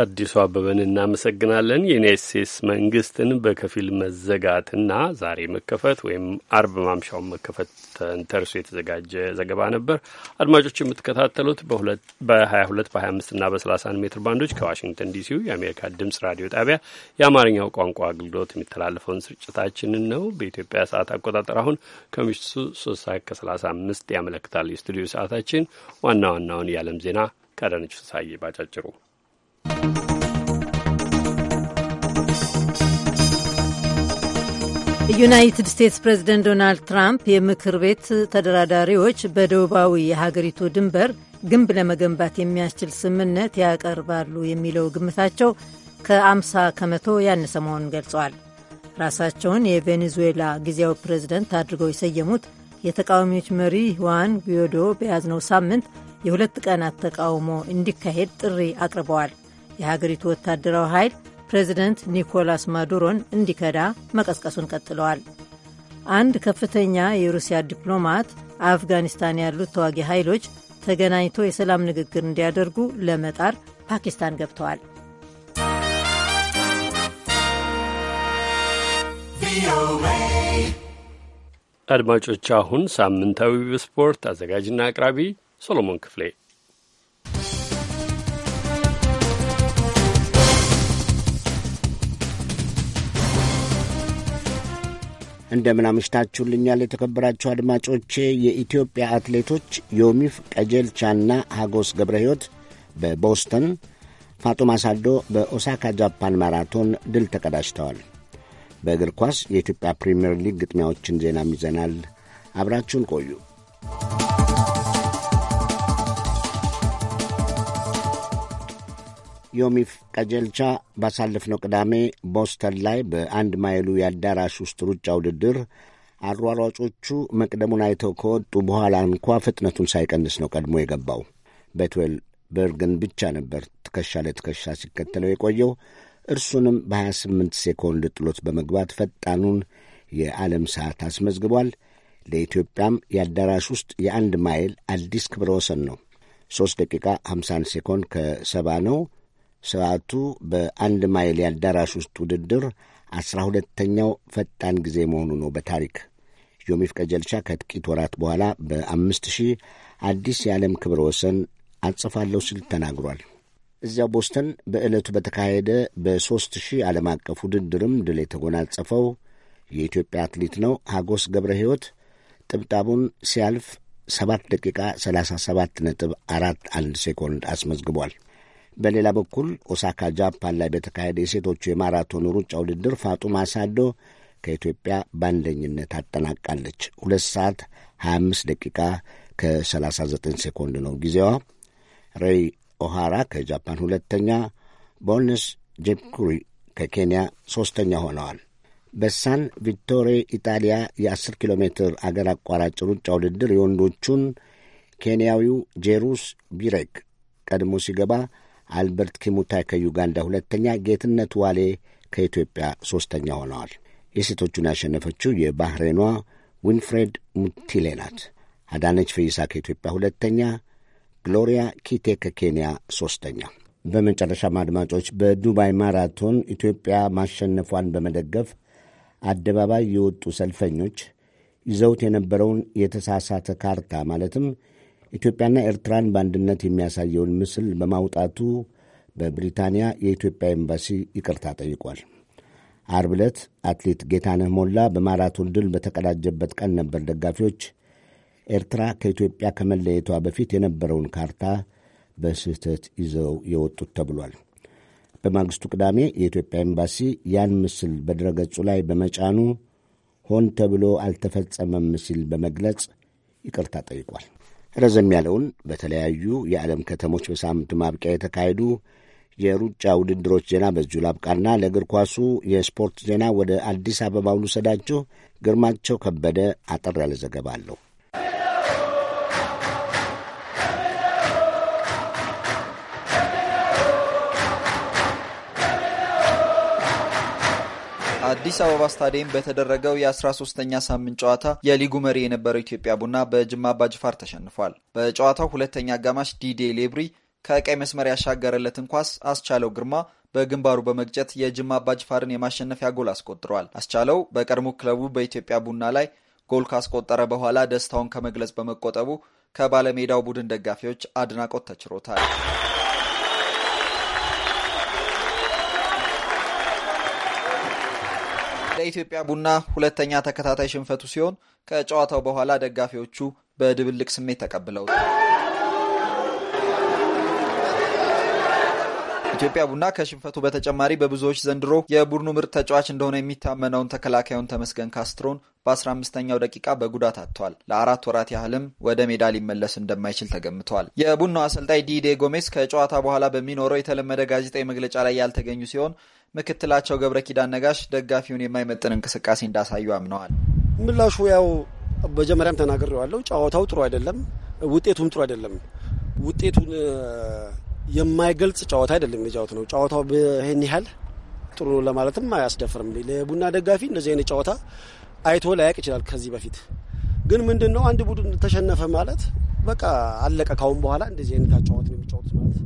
A: አዲሱ አበበን እናመሰግናለን። የዩናይት ስቴትስ መንግስትን በከፊል መዘጋትና ዛሬ መከፈት ወይም አርብ ማምሻውን መከፈት ተንተርሶ የተዘጋጀ ዘገባ ነበር። አድማጮች የምትከታተሉት በ22 በ25ና በ31 ሜትር ባንዶች ከዋሽንግተን ዲሲው የአሜሪካ ድምጽ ራዲዮ ጣቢያ የአማርኛው ቋንቋ አገልግሎት የሚተላለፈውን ስርጭታችንን ነው። በኢትዮጵያ ሰዓት አቆጣጠር አሁን ከምሽቱ 3 ሰዓት ከ35 ያመለክታል የስቱዲዮ ሰዓታችን። ዋና ዋናውን የዓለም ዜና ከአዳነች ሳዬ ባጫጭሩ
C: ዩናይትድ ስቴትስ ፕሬዝደንት ዶናልድ ትራምፕ የምክር ቤት ተደራዳሪዎች በደቡባዊ የሀገሪቱ ድንበር ግንብ ለመገንባት የሚያስችል ስምምነት ያቀርባሉ የሚለው ግምታቸው ከ ከመቶ ያነሰ መሆኑን ገልጸዋል። ራሳቸውን የቬኔዙዌላ ጊዜያዊ ፕሬዝደንት አድርገው የሰየሙት የተቃዋሚዎች መሪ ዋን ጉዮዶ በያዝነው ሳምንት የሁለት ቀናት ተቃውሞ እንዲካሄድ ጥሪ አቅርበዋል። የሀገሪቱ ወታደራዊ ኃይል ፕሬዚደንት ኒኮላስ ማዱሮን እንዲከዳ መቀስቀሱን ቀጥለዋል። አንድ ከፍተኛ የሩሲያ ዲፕሎማት አፍጋኒስታን ያሉት ተዋጊ ኃይሎች ተገናኝቶ የሰላም ንግግር እንዲያደርጉ ለመጣር ፓኪስታን ገብተዋል።
A: አድማጮች፣ አሁን ሳምንታዊ ስፖርት አዘጋጅና አቅራቢ ሶሎሞን ክፍሌ
P: እንደምን አምሽታችሁልኛል የተከበራችሁ አድማጮቼ። የኢትዮጵያ አትሌቶች ዮሚፍ ቀጀልቻና ሀጎስ ገብረ ሕይወት በቦስተን፣ ፋጡማ ሳዶ በኦሳካ ጃፓን ማራቶን ድል ተቀዳጅተዋል። በእግር ኳስ የኢትዮጵያ ፕሪምየር ሊግ ግጥሚያዎችን ዜናም ይዘናል። አብራችሁን ቆዩ። ዮሚፍ ቀጀልቻ ባሳለፍነው ቅዳሜ ቦስተን ላይ በአንድ ማይሉ የአዳራሽ ውስጥ ሩጫ ውድድር አሯሯጮቹ መቅደሙን አይተው ከወጡ በኋላ እንኳ ፍጥነቱን ሳይቀንስ ነው ቀድሞ የገባው። በትዌል በርግን ብቻ ነበር ትከሻ ለትከሻ ሲከተለው የቆየው። እርሱንም በ28 ሴኮንድ ጥሎት በመግባት ፈጣኑን የዓለም ሰዓት አስመዝግቧል። ለኢትዮጵያም የአዳራሽ ውስጥ የአንድ ማይል አዲስ ክብረ ወሰን ነው። 3 ደቂቃ 51 ሴኮንድ ከሰባ ነው። ሰዓቱ በአንድ ማይል የአዳራሽ ውስጥ ውድድር አስራ ሁለተኛው ፈጣን ጊዜ መሆኑ ነው በታሪክ ዮሚፍ ቀጀልቻ ከጥቂት ወራት በኋላ በአምስት ሺህ አዲስ የዓለም ክብረ ወሰን አጽፋለሁ ሲል ተናግሯል። እዚያው ቦስተን በዕለቱ በተካሄደ በሦስት ሺህ ዓለም አቀፍ ውድድርም ድል የተጎናጸፈው የኢትዮጵያ አትሌት ነው ሀጎስ ገብረ ሕይወት ጥብጣቡን ሲያልፍ ሰባት ደቂቃ ሰላሳ ሰባት ነጥብ አራት አንድ ሴኮንድ አስመዝግቧል። በሌላ በኩል ኦሳካ ጃፓን ላይ በተካሄደ የሴቶቹ የማራቶን ሩጫ ውድድር ፋጡማ ሳዶ ከኢትዮጵያ በአንደኝነት አጠናቃለች። ሁለት ሰዓት 25 ደቂቃ ከ39 ሴኮንድ ነው ጊዜዋ። ሬይ ኦሃራ ከጃፓን ሁለተኛ፣ ቦነስ ጄፕኩሪ ከኬንያ ሦስተኛ ሆነዋል። በሳን ቪቶሬ ኢጣሊያ የ10 ኪሎ ሜትር አገር አቋራጭ ሩጫ ውድድር የወንዶቹን ኬንያዊው ጄሩስ ቢሬክ ቀድሞ ሲገባ አልበርት ኪሙታይ ከዩጋንዳ ሁለተኛ፣ ጌትነት ዋሌ ከኢትዮጵያ ሦስተኛ ሆነዋል። የሴቶቹን ያሸነፈችው የባህሬኗ ዊንፍሬድ ሙቲሌ ናት። አዳነች ፈይሳ ከኢትዮጵያ ሁለተኛ፣ ግሎሪያ ኪቴ ከኬንያ ሦስተኛ። በመጨረሻም አድማጮች በዱባይ ማራቶን ኢትዮጵያ ማሸነፏን በመደገፍ አደባባይ የወጡ ሰልፈኞች ይዘውት የነበረውን የተሳሳተ ካርታ ማለትም ኢትዮጵያና ኤርትራን በአንድነት የሚያሳየውን ምስል በማውጣቱ በብሪታንያ የኢትዮጵያ ኤምባሲ ይቅርታ ጠይቋል። አርብ ዕለት አትሌት ጌታነህ ሞላ በማራቶን ድል በተቀዳጀበት ቀን ነበር ደጋፊዎች ኤርትራ ከኢትዮጵያ ከመለየቷ በፊት የነበረውን ካርታ በስህተት ይዘው የወጡት ተብሏል። በማግስቱ ቅዳሜ የኢትዮጵያ ኤምባሲ ያን ምስል በድረገጹ ላይ በመጫኑ ሆን ተብሎ አልተፈጸመም ሲል በመግለጽ ይቅርታ ጠይቋል። ረዘም ያለውን በተለያዩ የዓለም ከተሞች በሳምንቱ ማብቂያ የተካሄዱ የሩጫ ውድድሮች ዜና በዚሁ ላብቃና ለእግር ኳሱ የስፖርት ዜና ወደ አዲስ አበባ ልውሰዳችሁ። ግርማቸው ከበደ አጠር ያለ ዘገባ አለሁ።
K: አዲስ አበባ ስታዲየም በተደረገው የ13ኛ ሳምንት ጨዋታ የሊጉ መሪ የነበረው ኢትዮጵያ ቡና በጅማ አባጅፋር ተሸንፏል። በጨዋታው ሁለተኛ አጋማሽ ዲዴ ሌብሪ ከቀይ መስመር ያሻገረለትን ኳስ አስቻለው ግርማ በግንባሩ በመግጨት የጅማ አባጅፋርን የማሸነፊያ ጎል አስቆጥሯል። አስቻለው በቀድሞ ክለቡ በኢትዮጵያ ቡና ላይ ጎል ካስቆጠረ በኋላ ደስታውን ከመግለጽ በመቆጠቡ ከባለሜዳው ቡድን ደጋፊዎች አድናቆት ተችሮታል። ለኢትዮጵያ ቡና ሁለተኛ ተከታታይ ሽንፈቱ ሲሆን ከጨዋታው በኋላ ደጋፊዎቹ በድብልቅ ስሜት ተቀብለውታል። ኢትዮጵያ ቡና ከሽንፈቱ በተጨማሪ በብዙዎች ዘንድሮ የቡድኑ ምርጥ ተጫዋች እንደሆነ የሚታመነውን ተከላካዩን ተመስገን ካስትሮን በ15ኛው ደቂቃ በጉዳት አጥቷል። ለአራት ወራት ያህልም ወደ ሜዳ ሊመለስ እንደማይችል ተገምቷል። የቡናው አሰልጣኝ ዲዴ ጎሜስ ከጨዋታ በኋላ በሚኖረው የተለመደ ጋዜጣዊ መግለጫ ላይ ያልተገኙ ሲሆን ምክትላቸው ገብረ ኪዳን ነጋሽ ደጋፊውን የማይመጥን እንቅስቃሴ
I: እንዳሳዩ አምነዋል። ምላሹ ያው መጀመሪያም ተናግሬዋለሁ። ጨዋታው ጥሩ አይደለም፣ ውጤቱም ጥሩ አይደለም። ውጤቱን የማይገልጽ ጨዋታ አይደለም የጫወት ነው። ጨዋታው ይህን ያህል ጥሩ ነው ለማለትም አያስደፍርም። ለቡና ደጋፊ እንደዚህ አይነት ጨዋታ አይቶ ላያቅ ይችላል ከዚህ በፊት ግን ምንድን ነው አንድ ቡድን ተሸነፈ ማለት በቃ አለቀ። ካሁን በኋላ እንደዚህ አይነት ጨዋታ ነው የሚጫወት ማለት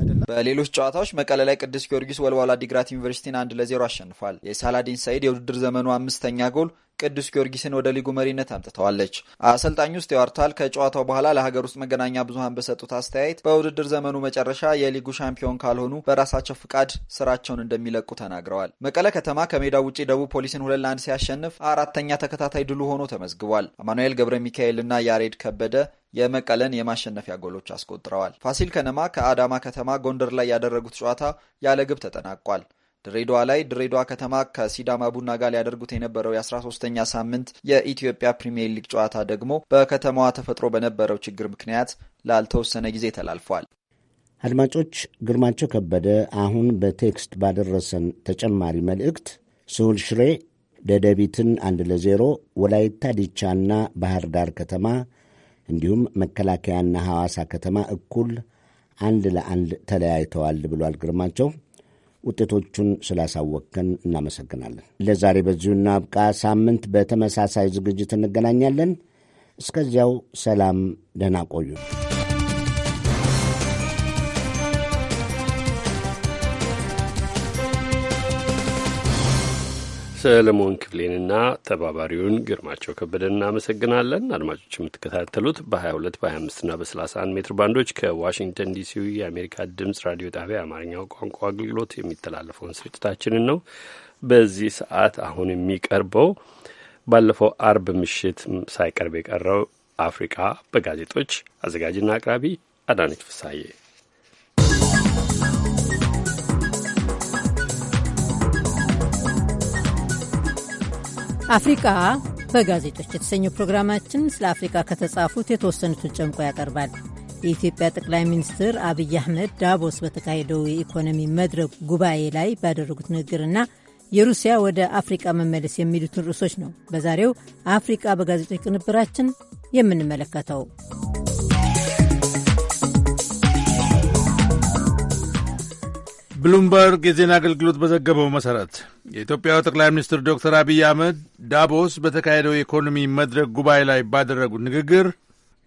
K: አይደለም። በሌሎች ጨዋታዎች መቀለ ላይ ቅዱስ ጊዮርጊስ ወልዋላ ዲግራት ዩኒቨርሲቲን አንድ ለዜሮ አሸንፏል። የሳላዲን ሰይድ የውድድር ዘመኑ አምስተኛ ጎል ቅዱስ ጊዮርጊስን ወደ ሊጉ መሪነት አምጥተዋለች። አሰልጣኙ ስቲዋርት ከጨዋታው በኋላ ለሀገር ውስጥ መገናኛ ብዙኃን በሰጡት አስተያየት በውድድር ዘመኑ መጨረሻ የሊጉ ሻምፒዮን ካልሆኑ በራሳቸው ፍቃድ ስራቸውን እንደሚለቁ ተናግረዋል። መቀለ ከተማ ከሜዳው ውጪ ደቡብ ፖሊስን ሁለት ለአንድ ሲያሸንፍ አራተኛ ተከታታይ ድሉ ሆኖ ተመዝግቧል። አማኑኤል ገብረ ሚካኤልና ያሬድ ከበደ የመቀለን የማሸነፊያ ጎሎች አስቆጥረዋል። ፋሲል ከነማ ከአዳማ ከተማ ጎንደር ላይ ያደረጉት ጨዋታ ያለ ግብ ተጠናቋል። ድሬዳዋ ላይ ድሬዳዋ ከተማ ከሲዳማ ቡና ጋር ሊያደርጉት የነበረው የ13ኛ ሳምንት የኢትዮጵያ ፕሪምየር ሊግ ጨዋታ ደግሞ በከተማዋ ተፈጥሮ በነበረው ችግር ምክንያት ላልተወሰነ ጊዜ ተላልፏል።
P: አድማጮች፣ ግርማቸው ከበደ አሁን በቴክስት ባደረሰን ተጨማሪ መልእክት ስሁል ሽሬ ደደቢትን አንድ ለዜሮ ወላይታ ዲቻና ባህር ዳር ከተማ እንዲሁም መከላከያና ሐዋሳ ከተማ እኩል አንድ ለአንድ ተለያይተዋል ብሏል ግርማቸው። ውጤቶቹን ስላሳወቅከን እናመሰግናለን። ለዛሬ በዚሁ እናብቃ። ሳምንት በተመሳሳይ ዝግጅት እንገናኛለን። እስከዚያው ሰላም፣ ደህና ቆዩ።
A: ሰለሞን ክፍሌንና ተባባሪውን ግርማቸው ከበደን እናመሰግናለን። አድማጮች የምትከታተሉት በ22 በ25ና በ31 ሜትር ባንዶች ከዋሽንግተን ዲሲ የአሜሪካ ድምፅ ራዲዮ ጣቢያ አማርኛው ቋንቋ አገልግሎት የሚተላለፈውን ስርጭታችንን ነው። በዚህ ሰዓት አሁን የሚቀርበው ባለፈው አርብ ምሽት ሳይቀርብ የቀረው አፍሪቃ በጋዜጦች አዘጋጅና አቅራቢ አዳነች ፍሳዬ
C: አፍሪካ በጋዜጦች የተሰኘው ፕሮግራማችን ስለ አፍሪካ ከተጻፉት የተወሰኑትን ጨምቆ ያቀርባል። የኢትዮጵያ ጠቅላይ ሚኒስትር አብይ አህመድ ዳቦስ በተካሄደው የኢኮኖሚ መድረክ ጉባኤ ላይ ባደረጉት ንግግርና የሩሲያ ወደ አፍሪቃ መመለስ የሚሉትን ርዕሶች ነው በዛሬው አፍሪቃ በጋዜጦች ቅንብራችን የምንመለከተው።
O: ብሉምበርግ የዜና አገልግሎት በዘገበው መሠረት የኢትዮጵያው ጠቅላይ ሚኒስትር ዶክተር አብይ አህመድ ዳቦስ በተካሄደው የኢኮኖሚ መድረክ ጉባኤ ላይ ባደረጉት ንግግር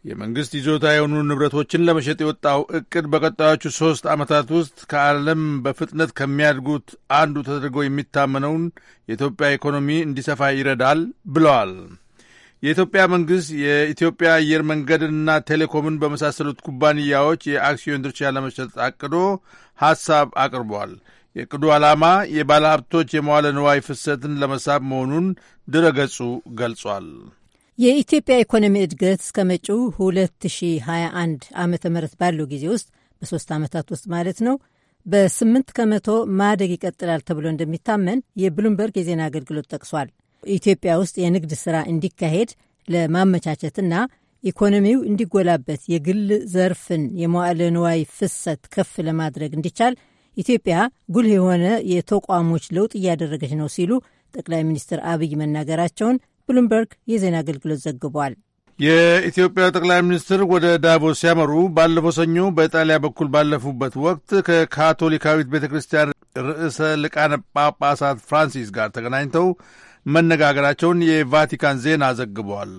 O: የመንግሥት ይዞታ የሆኑ ንብረቶችን ለመሸጥ የወጣው ዕቅድ በቀጣዮቹ ሦስት ዓመታት ውስጥ ከዓለም በፍጥነት ከሚያድጉት አንዱ ተደርጎ የሚታመነውን የኢትዮጵያ ኢኮኖሚ እንዲሰፋ ይረዳል ብለዋል። የኢትዮጵያ መንግሥት የኢትዮጵያ አየር መንገድንና ቴሌኮምን በመሳሰሉት ኩባንያዎች የአክሲዮን ድርሻ ለመሸጥ አቅዶ ሐሳብ አቅርቧል። የቅዱ ዓላማ የባለ ሀብቶች የመዋለ ንዋይ ፍሰትን ለመሳብ መሆኑን ድረገጹ ገልጿል።
C: የኢትዮጵያ ኢኮኖሚ እድገት እስከ መጪው 2021 ዓ ም ባለው ጊዜ ውስጥ በሶስት ዓመታት ውስጥ ማለት ነው በ8 ከመቶ ማደግ ይቀጥላል ተብሎ እንደሚታመን የብሉምበርግ የዜና አገልግሎት ጠቅሷል። ኢትዮጵያ ውስጥ የንግድ ሥራ እንዲካሄድ ለማመቻቸትና ኢኮኖሚው እንዲጎላበት የግል ዘርፍን የመዋዕለ ንዋይ ፍሰት ከፍ ለማድረግ እንዲቻል ኢትዮጵያ ጉልህ የሆነ የተቋሞች ለውጥ እያደረገች ነው ሲሉ ጠቅላይ ሚኒስትር አብይ መናገራቸውን ብሉምበርግ የዜና አገልግሎት ዘግቧል።
O: የኢትዮጵያ ጠቅላይ ሚኒስትር ወደ ዳቮስ ሲያመሩ ባለፈው ሰኞ በጣሊያ በኩል ባለፉበት ወቅት ከካቶሊካዊት ቤተ ክርስቲያን ርዕሰ ልቃነ ጳጳሳት ፍራንሲስ ጋር ተገናኝተው መነጋገራቸውን የቫቲካን ዜና ዘግቧል።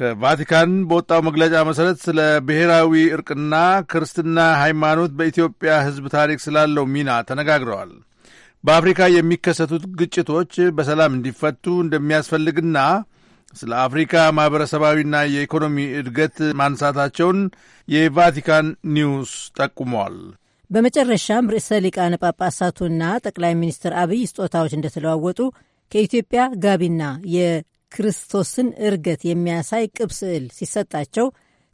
O: ከቫቲካን በወጣው መግለጫ መሰረት ስለ ብሔራዊ እርቅና ክርስትና ሃይማኖት በኢትዮጵያ ሕዝብ ታሪክ ስላለው ሚና ተነጋግረዋል። በአፍሪካ የሚከሰቱት ግጭቶች በሰላም እንዲፈቱ እንደሚያስፈልግና ስለ አፍሪካ ማኅበረሰባዊና የኢኮኖሚ እድገት ማንሳታቸውን የቫቲካን ኒውስ ጠቁመዋል።
C: በመጨረሻም ርዕሰ ሊቃነ ጳጳሳቱና ጠቅላይ ሚኒስትር አብይ ስጦታዎች እንደተለዋወጡ ከኢትዮጵያ ጋቢና ክርስቶስን እርገት የሚያሳይ ቅብ ስዕል ሲሰጣቸው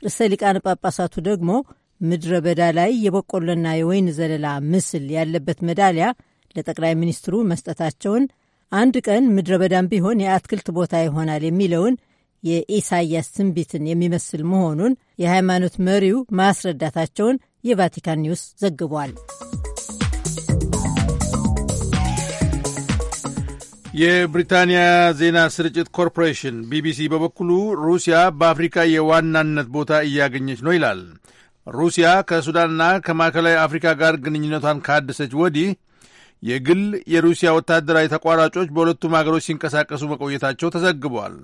C: ርዕሰ ሊቃነ ጳጳሳቱ ደግሞ ምድረ በዳ ላይ የበቆሎና የወይን ዘለላ ምስል ያለበት መዳሊያ ለጠቅላይ ሚኒስትሩ መስጠታቸውን አንድ ቀን ምድረ በዳም ቢሆን የአትክልት ቦታ ይሆናል የሚለውን የኢሳይያስ ትንቢትን የሚመስል መሆኑን የሃይማኖት መሪው ማስረዳታቸውን የቫቲካን ኒውስ ዘግቧል።
O: የብሪታንያ ዜና ስርጭት ኮርፖሬሽን ቢቢሲ በበኩሉ ሩሲያ በአፍሪካ የዋናነት ቦታ እያገኘች ነው ይላል። ሩሲያ ከሱዳንና ከማዕከላዊ አፍሪካ ጋር ግንኙነቷን ካደሰች ወዲህ የግል የሩሲያ ወታደራዊ ተቋራጮች በሁለቱም አገሮች ሲንቀሳቀሱ መቆየታቸው ተዘግቧል።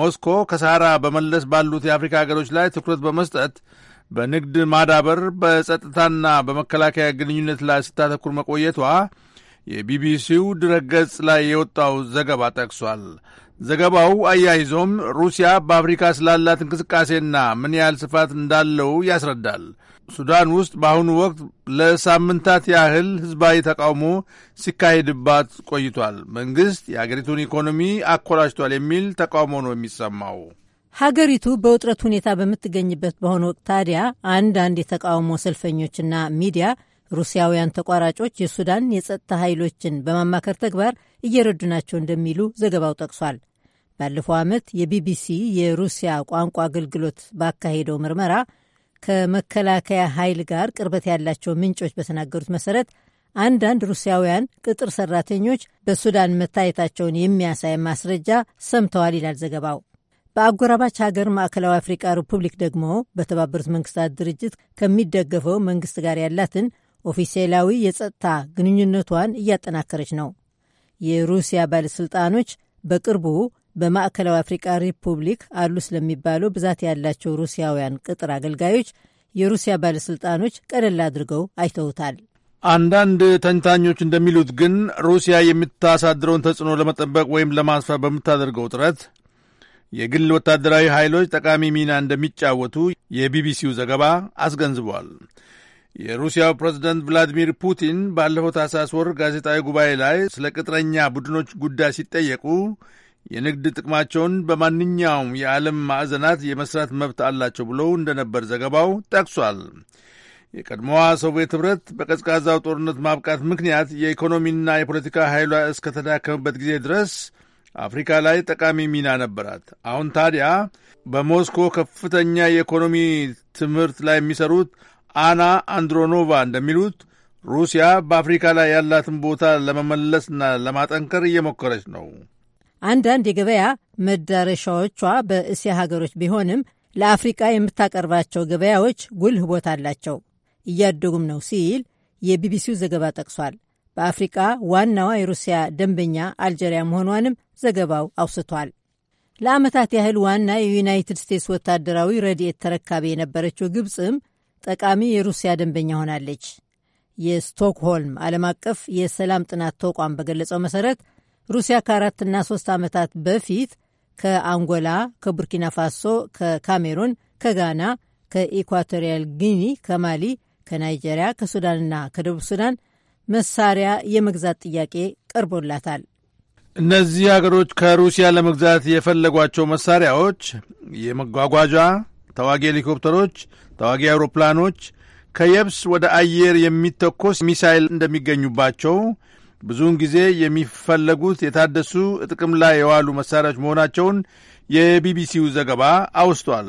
O: ሞስኮ ከሳራ በመለስ ባሉት የአፍሪካ ሀገሮች ላይ ትኩረት በመስጠት በንግድ ማዳበር፣ በጸጥታና በመከላከያ ግንኙነት ላይ ስታተኩር መቆየቷ የቢቢሲው ድረገጽ ላይ የወጣው ዘገባ ጠቅሷል። ዘገባው አያይዞም ሩሲያ በአፍሪካ ስላላት እንቅስቃሴና ምን ያህል ስፋት እንዳለው ያስረዳል። ሱዳን ውስጥ በአሁኑ ወቅት ለሳምንታት ያህል ሕዝባዊ ተቃውሞ ሲካሄድባት ቆይቷል። መንግሥት የአገሪቱን ኢኮኖሚ አኮላሽቷል የሚል ተቃውሞ ነው የሚሰማው።
C: ሀገሪቱ በውጥረት ሁኔታ በምትገኝበት በሆነ ወቅት ታዲያ አንዳንድ የተቃውሞ ሰልፈኞችና ሚዲያ ሩሲያውያን ተቋራጮች የሱዳን የጸጥታ ኃይሎችን በማማከር ተግባር እየረዱ ናቸው እንደሚሉ ዘገባው ጠቅሷል። ባለፈው ዓመት የቢቢሲ የሩሲያ ቋንቋ አገልግሎት ባካሄደው ምርመራ ከመከላከያ ኃይል ጋር ቅርበት ያላቸው ምንጮች በተናገሩት መሰረት አንዳንድ ሩሲያውያን ቅጥር ሰራተኞች በሱዳን መታየታቸውን የሚያሳይ ማስረጃ ሰምተዋል ይላል ዘገባው። በአጎራባች ሀገር ማዕከላዊ አፍሪቃ ሪፑብሊክ ደግሞ በተባበሩት መንግስታት ድርጅት ከሚደገፈው መንግስት ጋር ያላትን ኦፊሴላዊ የጸጥታ ግንኙነቷን እያጠናከረች ነው። የሩሲያ ባለሥልጣኖች በቅርቡ በማዕከላዊ አፍሪቃ ሪፑብሊክ አሉ ስለሚባሉ ብዛት ያላቸው ሩሲያውያን ቅጥር አገልጋዮች የሩሲያ ባለሥልጣኖች ቀለል አድርገው አይተውታል።
O: አንዳንድ ተንታኞች እንደሚሉት ግን ሩሲያ የምታሳድረውን ተጽዕኖ ለመጠበቅ ወይም ለማስፋት በምታደርገው ጥረት የግል ወታደራዊ ኃይሎች ጠቃሚ ሚና እንደሚጫወቱ የቢቢሲው ዘገባ አስገንዝቧል። የሩሲያው ፕሬዝደንት ቭላዲሚር ፑቲን ባለፈው ታህሳስ ወር ጋዜጣዊ ጉባኤ ላይ ስለ ቅጥረኛ ቡድኖች ጉዳይ ሲጠየቁ የንግድ ጥቅማቸውን በማንኛውም የዓለም ማዕዘናት የመስራት መብት አላቸው ብለው እንደነበር ዘገባው ጠቅሷል። የቀድሞዋ ሶቪየት ኅብረት በቀዝቃዛው ጦርነት ማብቃት ምክንያት የኢኮኖሚና የፖለቲካ ኃይሏ እስከተዳከመበት ጊዜ ድረስ አፍሪካ ላይ ጠቃሚ ሚና ነበራት። አሁን ታዲያ በሞስኮ ከፍተኛ የኢኮኖሚ ትምህርት ላይ የሚሰሩት አና አንድሮኖቫ እንደሚሉት ሩሲያ በአፍሪካ ላይ ያላትን ቦታ ለመመለስና ለማጠንከር እየሞከረች ነው።
C: አንዳንድ የገበያ መዳረሻዎቿ በእስያ ሀገሮች ቢሆንም ለአፍሪቃ የምታቀርባቸው ገበያዎች ጉልህ ቦታ አላቸው፣ እያደጉም ነው ሲል የቢቢሲው ዘገባ ጠቅሷል። በአፍሪቃ ዋናዋ የሩሲያ ደንበኛ አልጀሪያ መሆኗንም ዘገባው አውስቷል። ለዓመታት ያህል ዋና የዩናይትድ ስቴትስ ወታደራዊ ረድኤት ተረካቢ የነበረችው ግብፅም ጠቃሚ የሩሲያ ደንበኛ ሆናለች። የስቶክሆልም ዓለም አቀፍ የሰላም ጥናት ተቋም በገለጸው መሰረት ሩሲያ ከአራትና ሶስት ዓመታት በፊት ከአንጎላ፣ ከቡርኪና ፋሶ፣ ከካሜሩን፣ ከጋና፣ ከኢኳቶሪያል ጊኒ፣ ከማሊ፣ ከናይጄሪያ፣ ከሱዳንና ከደቡብ ሱዳን መሳሪያ የመግዛት ጥያቄ ቀርቦላታል።
O: እነዚህ አገሮች ከሩሲያ ለመግዛት የፈለጓቸው መሳሪያዎች የመጓጓዣ፣ ተዋጊ ሄሊኮፕተሮች፣ ተዋጊ አውሮፕላኖች ከየብስ ወደ አየር የሚተኮስ ሚሳይል እንደሚገኙባቸው ብዙውን ጊዜ የሚፈለጉት የታደሱ ጥቅም ላይ የዋሉ መሣሪያዎች መሆናቸውን የቢቢሲው ዘገባ አውስቷል።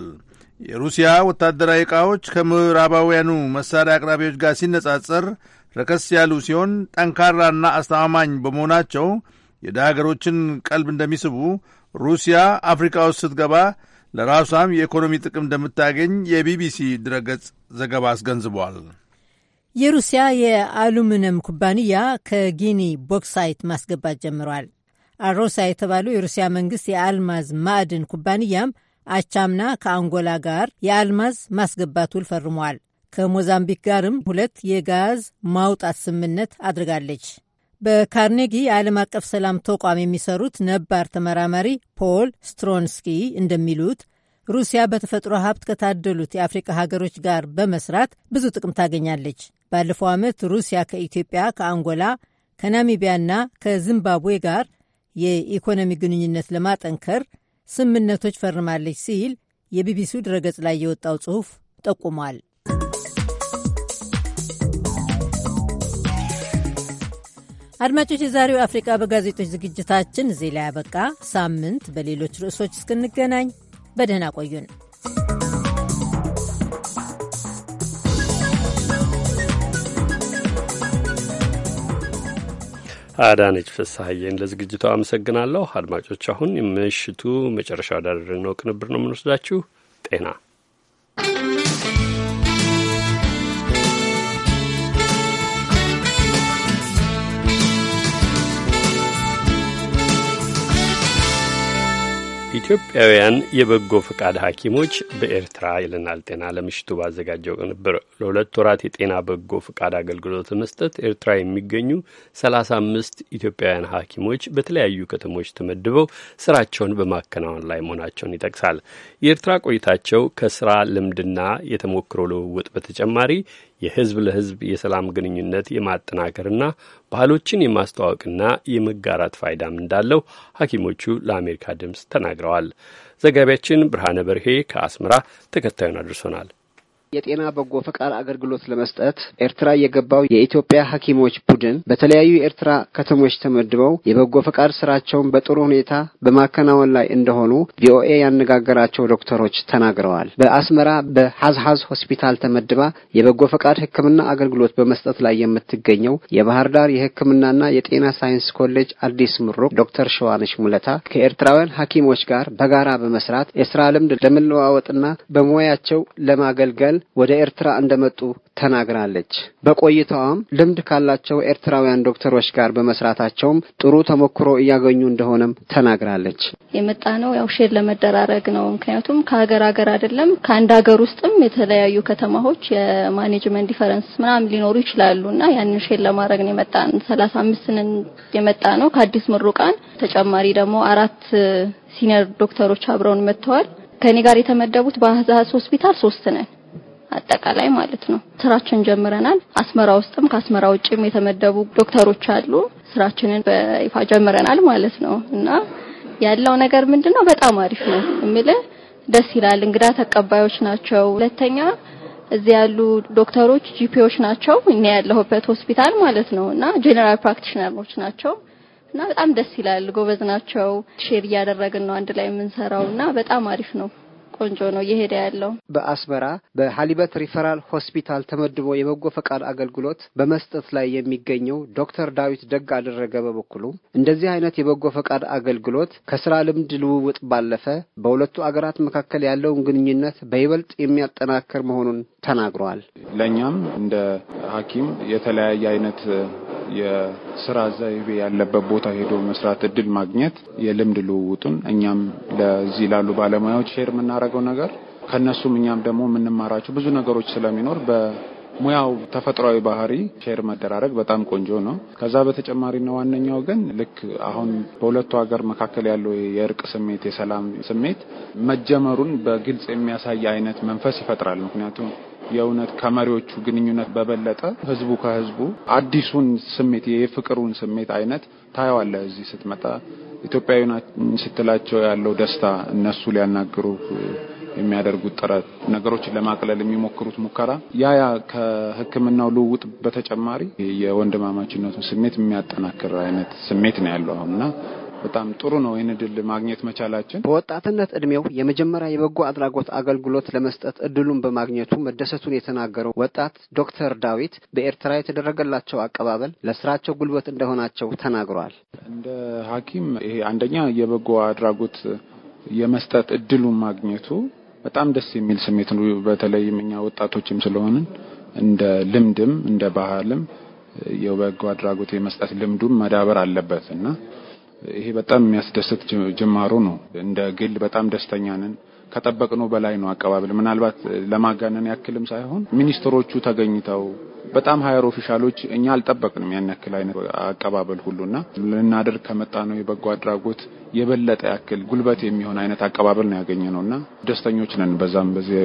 O: የሩሲያ ወታደራዊ ዕቃዎች ከምዕራባውያኑ መሣሪያ አቅራቢዎች ጋር ሲነጻጸር ረከስ ያሉ ሲሆን ጠንካራና አስተማማኝ በመሆናቸው የደሀገሮችን ቀልብ እንደሚስቡ ሩሲያ አፍሪካ ውስጥ ስትገባ ለራሷም የኢኮኖሚ ጥቅም እንደምታገኝ የቢቢሲ ድረገጽ ዘገባ አስገንዝቧል።
C: የሩሲያ የአሉሚኒየም ኩባንያ ከጊኒ ቦክሳይት ማስገባት ጀምሯል። አሮሳ የተባለው የሩሲያ መንግስት የአልማዝ ማዕድን ኩባንያም አቻምና ከአንጎላ ጋር የአልማዝ ማስገባት ውል ፈርሟል። ከሞዛምቢክ ጋርም ሁለት የጋዝ ማውጣት ስምምነት አድርጋለች። በካርኔጊ የዓለም አቀፍ ሰላም ተቋም የሚሰሩት ነባር ተመራማሪ ፖል ስትሮንስኪ እንደሚሉት ሩሲያ በተፈጥሮ ሀብት ከታደሉት የአፍሪካ ሀገሮች ጋር በመስራት ብዙ ጥቅም ታገኛለች። ባለፈው ዓመት ሩሲያ ከኢትዮጵያ፣ ከአንጎላ፣ ከናሚቢያና ከዚምባብዌ ጋር የኢኮኖሚ ግንኙነት ለማጠንከር ስምምነቶች ፈርማለች ሲል የቢቢሲው ድረገጽ ላይ የወጣው ጽሑፍ ጠቁሟል። አድማጮች፣ የዛሬው አፍሪቃ በጋዜጦች ዝግጅታችን እዚህ ላይ ያበቃ። ሳምንት በሌሎች ርዕሶች እስክንገናኝ በደህና ቆዩን።
A: አዳነች ፍስሐዬን ለዝግጅቱ አመሰግናለሁ። አድማጮች አሁን የምሽቱ መጨረሻ ዳደረግነው ቅንብር ነው የምንወስዳችሁ ጤና ኢትዮጵያውያን የበጎ ፈቃድ ሐኪሞች በኤርትራ ይለናል ጤና ለምሽቱ ባዘጋጀው ቅንብር። ለሁለት ወራት የጤና በጎ ፈቃድ አገልግሎት መስጠት ኤርትራ የሚገኙ ሰላሳ አምስት ኢትዮጵያውያን ሐኪሞች በተለያዩ ከተሞች ተመድበው ስራቸውን በማከናወን ላይ መሆናቸውን ይጠቅሳል። የኤርትራ ቆይታቸው ከስራ ልምድና የተሞክሮ ልውውጥ በተጨማሪ የህዝብ ለህዝብ የሰላም ግንኙነት የማጠናከርና ባህሎችን የማስተዋወቅና የመጋራት ፋይዳም እንዳለው ሐኪሞቹ ለአሜሪካ ድምፅ ተናግረዋል። ዘጋቢያችን ብርሃነ በርሄ ከአስመራ ተከታዩን አድርሶናል።
H: የጤና በጎ ፈቃድ አገልግሎት ለመስጠት ኤርትራ የገባው የኢትዮጵያ ሐኪሞች ቡድን በተለያዩ የኤርትራ ከተሞች ተመድበው የበጎ ፈቃድ ስራቸውን በጥሩ ሁኔታ በማከናወን ላይ እንደሆኑ ቪኦኤ ያነጋገራቸው ዶክተሮች ተናግረዋል። በአስመራ በሀዝሀዝ ሆስፒታል ተመድባ የበጎ ፈቃድ ሕክምና አገልግሎት በመስጠት ላይ የምትገኘው የባህር ዳር የሕክምናና የጤና ሳይንስ ኮሌጅ አዲስ ምሩቅ ዶክተር ሸዋንሽ ሙለታ ከኤርትራውያን ሐኪሞች ጋር በጋራ በመስራት የስራ ልምድ ለመለዋወጥና በሙያቸው ለማገልገል ወደ ኤርትራ እንደመጡ ተናግራለች። በቆይታዋም ልምድ ካላቸው ኤርትራውያን ዶክተሮች ጋር በመስራታቸውም ጥሩ ተሞክሮ እያገኙ እንደሆነም ተናግራለች።
Q: የመጣ ነው ያው ሼር ለመደራረግ ነው። ምክንያቱም ከሀገር ሀገር አይደለም ከአንድ ሀገር ውስጥም የተለያዩ ከተማዎች የማኔጅመንት ዲፈረንስ ምናምን ሊኖሩ ይችላሉ እና ያንን ሼር ለማድረግ ነው የመጣ ነው። ሰላሳ አምስትንን የመጣ ነው ከአዲስ ምሩቃን ተጨማሪ ደግሞ አራት ሲኒየር ዶክተሮች አብረውን መጥተዋል። ከኔ ጋር የተመደቡት በአዛዝ ሆስፒታል ሶስት ነን። አጠቃላይ ማለት ነው። ስራችን ጀምረናል። አስመራ ውስጥም ከአስመራ ውጭም የተመደቡ ዶክተሮች አሉ። ስራችንን በይፋ ጀምረናል ማለት ነው እና ያለው ነገር ምንድነው? በጣም አሪፍ ነው እምልህ ደስ ይላል። እንግዳ ተቀባዮች ናቸው። ሁለተኛ እዚህ ያሉ ዶክተሮች ጂፒዎች ናቸው። እኛ ያለሁበት ሆስፒታል ማለት ነው እና ጄኔራል ፕራክቲሽነሮች ናቸው እና በጣም ደስ ይላል። ጎበዝ ናቸው። ሼር እያደረግን ነው አንድ ላይ የምንሰራው እና በጣም አሪፍ ነው። ቆንጆ ነው እየሄደ ያለው።
H: በአስመራ በሀሊበት ሪፈራል ሆስፒታል ተመድቦ የበጎ ፈቃድ አገልግሎት በመስጠት ላይ የሚገኘው ዶክተር ዳዊት ደግ አደረገ በበኩሉ እንደዚህ አይነት የበጎ ፈቃድ አገልግሎት ከስራ ልምድ ልውውጥ ባለፈ በሁለቱ አገራት መካከል ያለውን ግንኙነት በይበልጥ የሚያጠናክር
E: መሆኑን ተናግረዋል። ለእኛም እንደ ሐኪም የተለያየ አይነት የስራ ዘይቤ ያለበት ቦታ ሄዶ መስራት እድል ማግኘት የልምድ ልውውጡን እኛም ለዚህ ላሉ ባለሙያዎች ሼር የምናደርገው ነገር ከእነሱም እኛም ደግሞ የምንማራቸው ብዙ ነገሮች ስለሚኖር ሙያው ተፈጥሯዊ ባህሪ ሼር መደራረግ በጣም ቆንጆ ነው። ከዛ በተጨማሪ ነው ዋነኛው ግን ልክ አሁን በሁለቱ ሀገር መካከል ያለው የእርቅ ስሜት፣ የሰላም ስሜት መጀመሩን በግልጽ የሚያሳይ አይነት መንፈስ ይፈጥራል። ምክንያቱም የእውነት ከመሪዎቹ ግንኙነት በበለጠ ህዝቡ ከህዝቡ አዲሱን ስሜት የፍቅሩን ስሜት አይነት ታየዋለህ። እዚህ ስትመጣ ኢትዮጵያዊ ስትላቸው ያለው ደስታ፣ እነሱ ሊያናግሩ የሚያደርጉት ጥረት፣ ነገሮችን ለማቅለል የሚሞክሩት ሙከራ ያ ያ ከሕክምናው ልውውጥ በተጨማሪ የወንድማማችነቱን ስሜት የሚያጠናክር አይነት ስሜት ነው ያለው አሁንና በጣም ጥሩ ነው ይህን እድል ማግኘት መቻላችን። በወጣትነት እድሜው የመጀመሪያ የበጎ አድራጎት አገልግሎት ለመስጠት እድሉን
H: በማግኘቱ መደሰቱን የተናገረው ወጣት ዶክተር ዳዊት በኤርትራ የተደረገላቸው አቀባበል ለስራቸው ጉልበት እንደሆናቸው ተናግሯል።
E: እንደ ሐኪም ይሄ አንደኛ የበጎ አድራጎት የመስጠት እድሉን ማግኘቱ በጣም ደስ የሚል ስሜት ነው። በተለይም እኛ ወጣቶችም ስለሆንን እንደ ልምድም እንደ ባህልም የበጎ አድራጎት የመስጠት ልምዱም መዳበር አለበት እና ይሄ በጣም የሚያስደስት ጅማሮ ነው። እንደ ግል በጣም ደስተኛ ነን። ከጠበቅነው በላይ ነው አቀባበል። ምናልባት ለማጋነን ያክልም ሳይሆን ሚኒስትሮቹ ተገኝተው በጣም ሀየር ኦፊሻሎች እኛ አልጠበቅንም ያን ያክል አይነት አቀባበል ሁሉና ልናደርግ ከመጣ ነው የበጎ አድራጎት የበለጠ ያክል ጉልበት የሚሆን አይነት አቀባበል ነው ያገኘ ነውና ደስተኞች ነን። በዛም በዚህ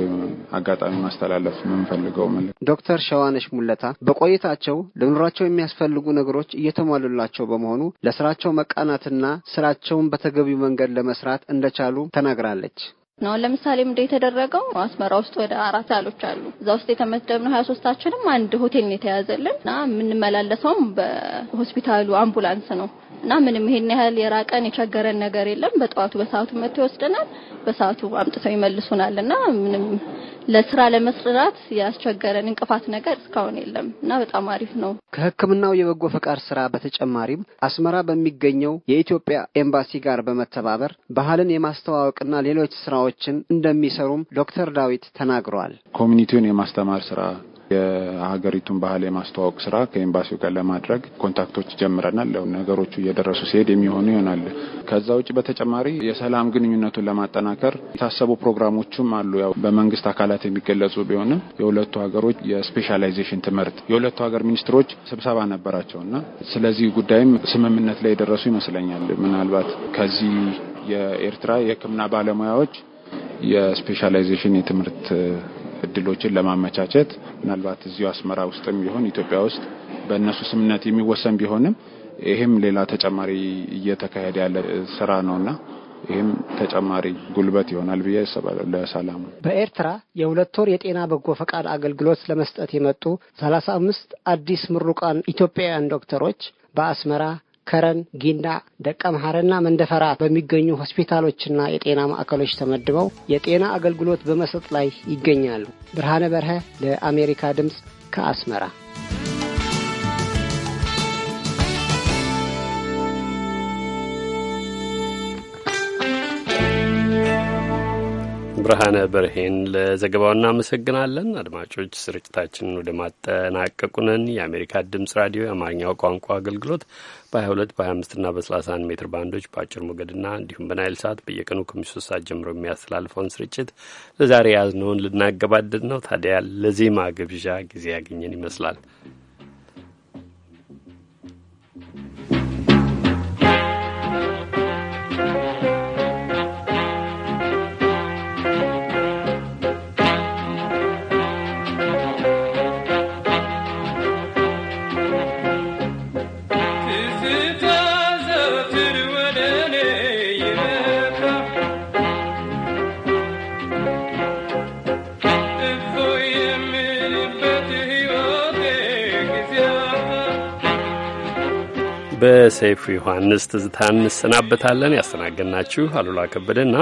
E: አጋጣሚ ማስተላለፍ የምንፈልገው መልእክት
H: ዶክተር ሸዋነሽ ሙለታ በቆይታቸው ለኑሯቸው የሚያስፈልጉ ነገሮች እየተሟሉላቸው በመሆኑ ለስራቸው መቃናትና ስራቸውን በተገቢው መንገድ ለመስራት እንደቻሉ ተናግራለች።
Q: ነው። ለምሳሌ ምንድን የተደረገው አስመራ ውስጥ ወደ አራት ሆቴሎች አሉ። እዛ ውስጥ የተመደብነው ሀያ ሶስታችንም አንድ ሆቴል ነው የተያዘልን እና የምንመላለሰውም በሆስፒታሉ አምቡላንስ ነው እና ምንም ይሄን ያህል የራቀን የቸገረን ነገር የለም። በጠዋቱ በሰዓቱ መጥቶ ይወስደናል፣ በሰዓቱ አምጥተው ይመልሱናል እና ምንም ለስራ ለመስራት ያስቸገረን እንቅፋት ነገር እስካሁን የለም እና በጣም አሪፍ ነው።
H: ከሕክምናው የበጎ ፈቃድ ስራ በተጨማሪም አስመራ በሚገኘው የኢትዮጵያ ኤምባሲ ጋር በመተባበር ባህልን የማስተዋወቅና ሌሎች ስራዎችን እንደሚሰሩም ዶክተር ዳዊት ተናግረዋል።
E: ኮሚኒቲውን የማስተማር ስራ የሀገሪቱን ባህል የማስተዋወቅ ስራ ከኤምባሲው ጋር ለማድረግ ኮንታክቶች ጀምረናል። ነገሮቹ እየደረሱ ሲሄድ የሚሆኑ ይሆናል። ከዛ ውጭ በተጨማሪ የሰላም ግንኙነቱን ለማጠናከር የታሰቡ ፕሮግራሞችም አሉ። ያው በመንግስት አካላት የሚገለጹ ቢሆንም የሁለቱ ሀገሮች የስፔሻላይዜሽን ትምህርት የሁለቱ ሀገር ሚኒስትሮች ስብሰባ ነበራቸው እና ስለዚህ ጉዳይም ስምምነት ላይ የደረሱ ይመስለኛል። ምናልባት ከዚህ የኤርትራ የሕክምና ባለሙያዎች የስፔሻላይዜሽን የትምህርት እድሎችን ለማመቻቸት ምናልባት እዚሁ አስመራ ውስጥም ቢሆን ኢትዮጵያ ውስጥ በእነሱ ስምምነት የሚወሰን ቢሆንም ይህም ሌላ ተጨማሪ እየተካሄደ ያለ ስራ ነውና ይህም ተጨማሪ ጉልበት ይሆናል ብዬ አስባለሁ ለሰላሙ።
H: በኤርትራ የሁለት ወር የጤና በጎ ፈቃድ አገልግሎት ለመስጠት የመጡ ሰላሳ አምስት አዲስ ምሩቃን ኢትዮጵያውያን ዶክተሮች በአስመራ ከረን፣ ጊንዳ፣ ደቀ መሐረና መንደፈራ በሚገኙ ሆስፒታሎችና የጤና ማዕከሎች ተመድበው የጤና አገልግሎት በመሰጥ ላይ ይገኛሉ። ብርሃነ በርሀ ለአሜሪካ ድምፅ ከአስመራ
A: ብርሃነ በርሄን ለዘገባው እናመሰግናለን። አድማጮች ስርጭታችንን ወደ ማጠናቀቁ የአሜሪካ ድምጽ ራዲዮ የአማርኛው ቋንቋ አገልግሎት በ22 በ25ና በ31 ሜትር ባንዶች በአጭር ሞገድና እንዲሁም በናይል ሰዓት በየቀኑ ከምሽቱ ሰዓት ጀምሮ የሚያስተላልፈውን ስርጭት ለዛሬ ያዝነውን ልናገባድድ ነው። ታዲያ ለዜማ ግብዣ ጊዜ ያገኘን ይመስላል። በሰይፉ ዮሐንስ ትዝታ እንሰናበታለን። ያስተናገድናችሁ አሉላ ከበደና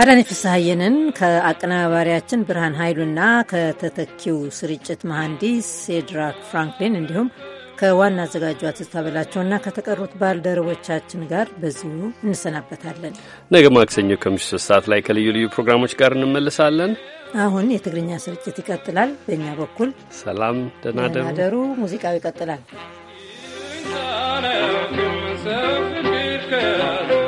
C: አዳኒ ፍስሐየንን ከአቀናባሪያችን ብርሃን ኃይሉና ከተተኪው ስርጭት መሐንዲስ ሴድራክ ፍራንክሊን እንዲሁም ከዋና አዘጋጇ ትዝታ በላቸውና ከተቀሩት ባልደረቦቻችን ጋር በዚሁ እንሰናበታለን።
A: ነገ ማክሰኞ ከምሽቱ ሶስት ሰዓት ላይ ከልዩ ልዩ ፕሮግራሞች ጋር እንመልሳለን።
C: አሁን የትግርኛ ስርጭት ይቀጥላል። በእኛ በኩል
A: ሰላም፣ ደህና
C: ደሩ። ሙዚቃው ይቀጥላል። Sana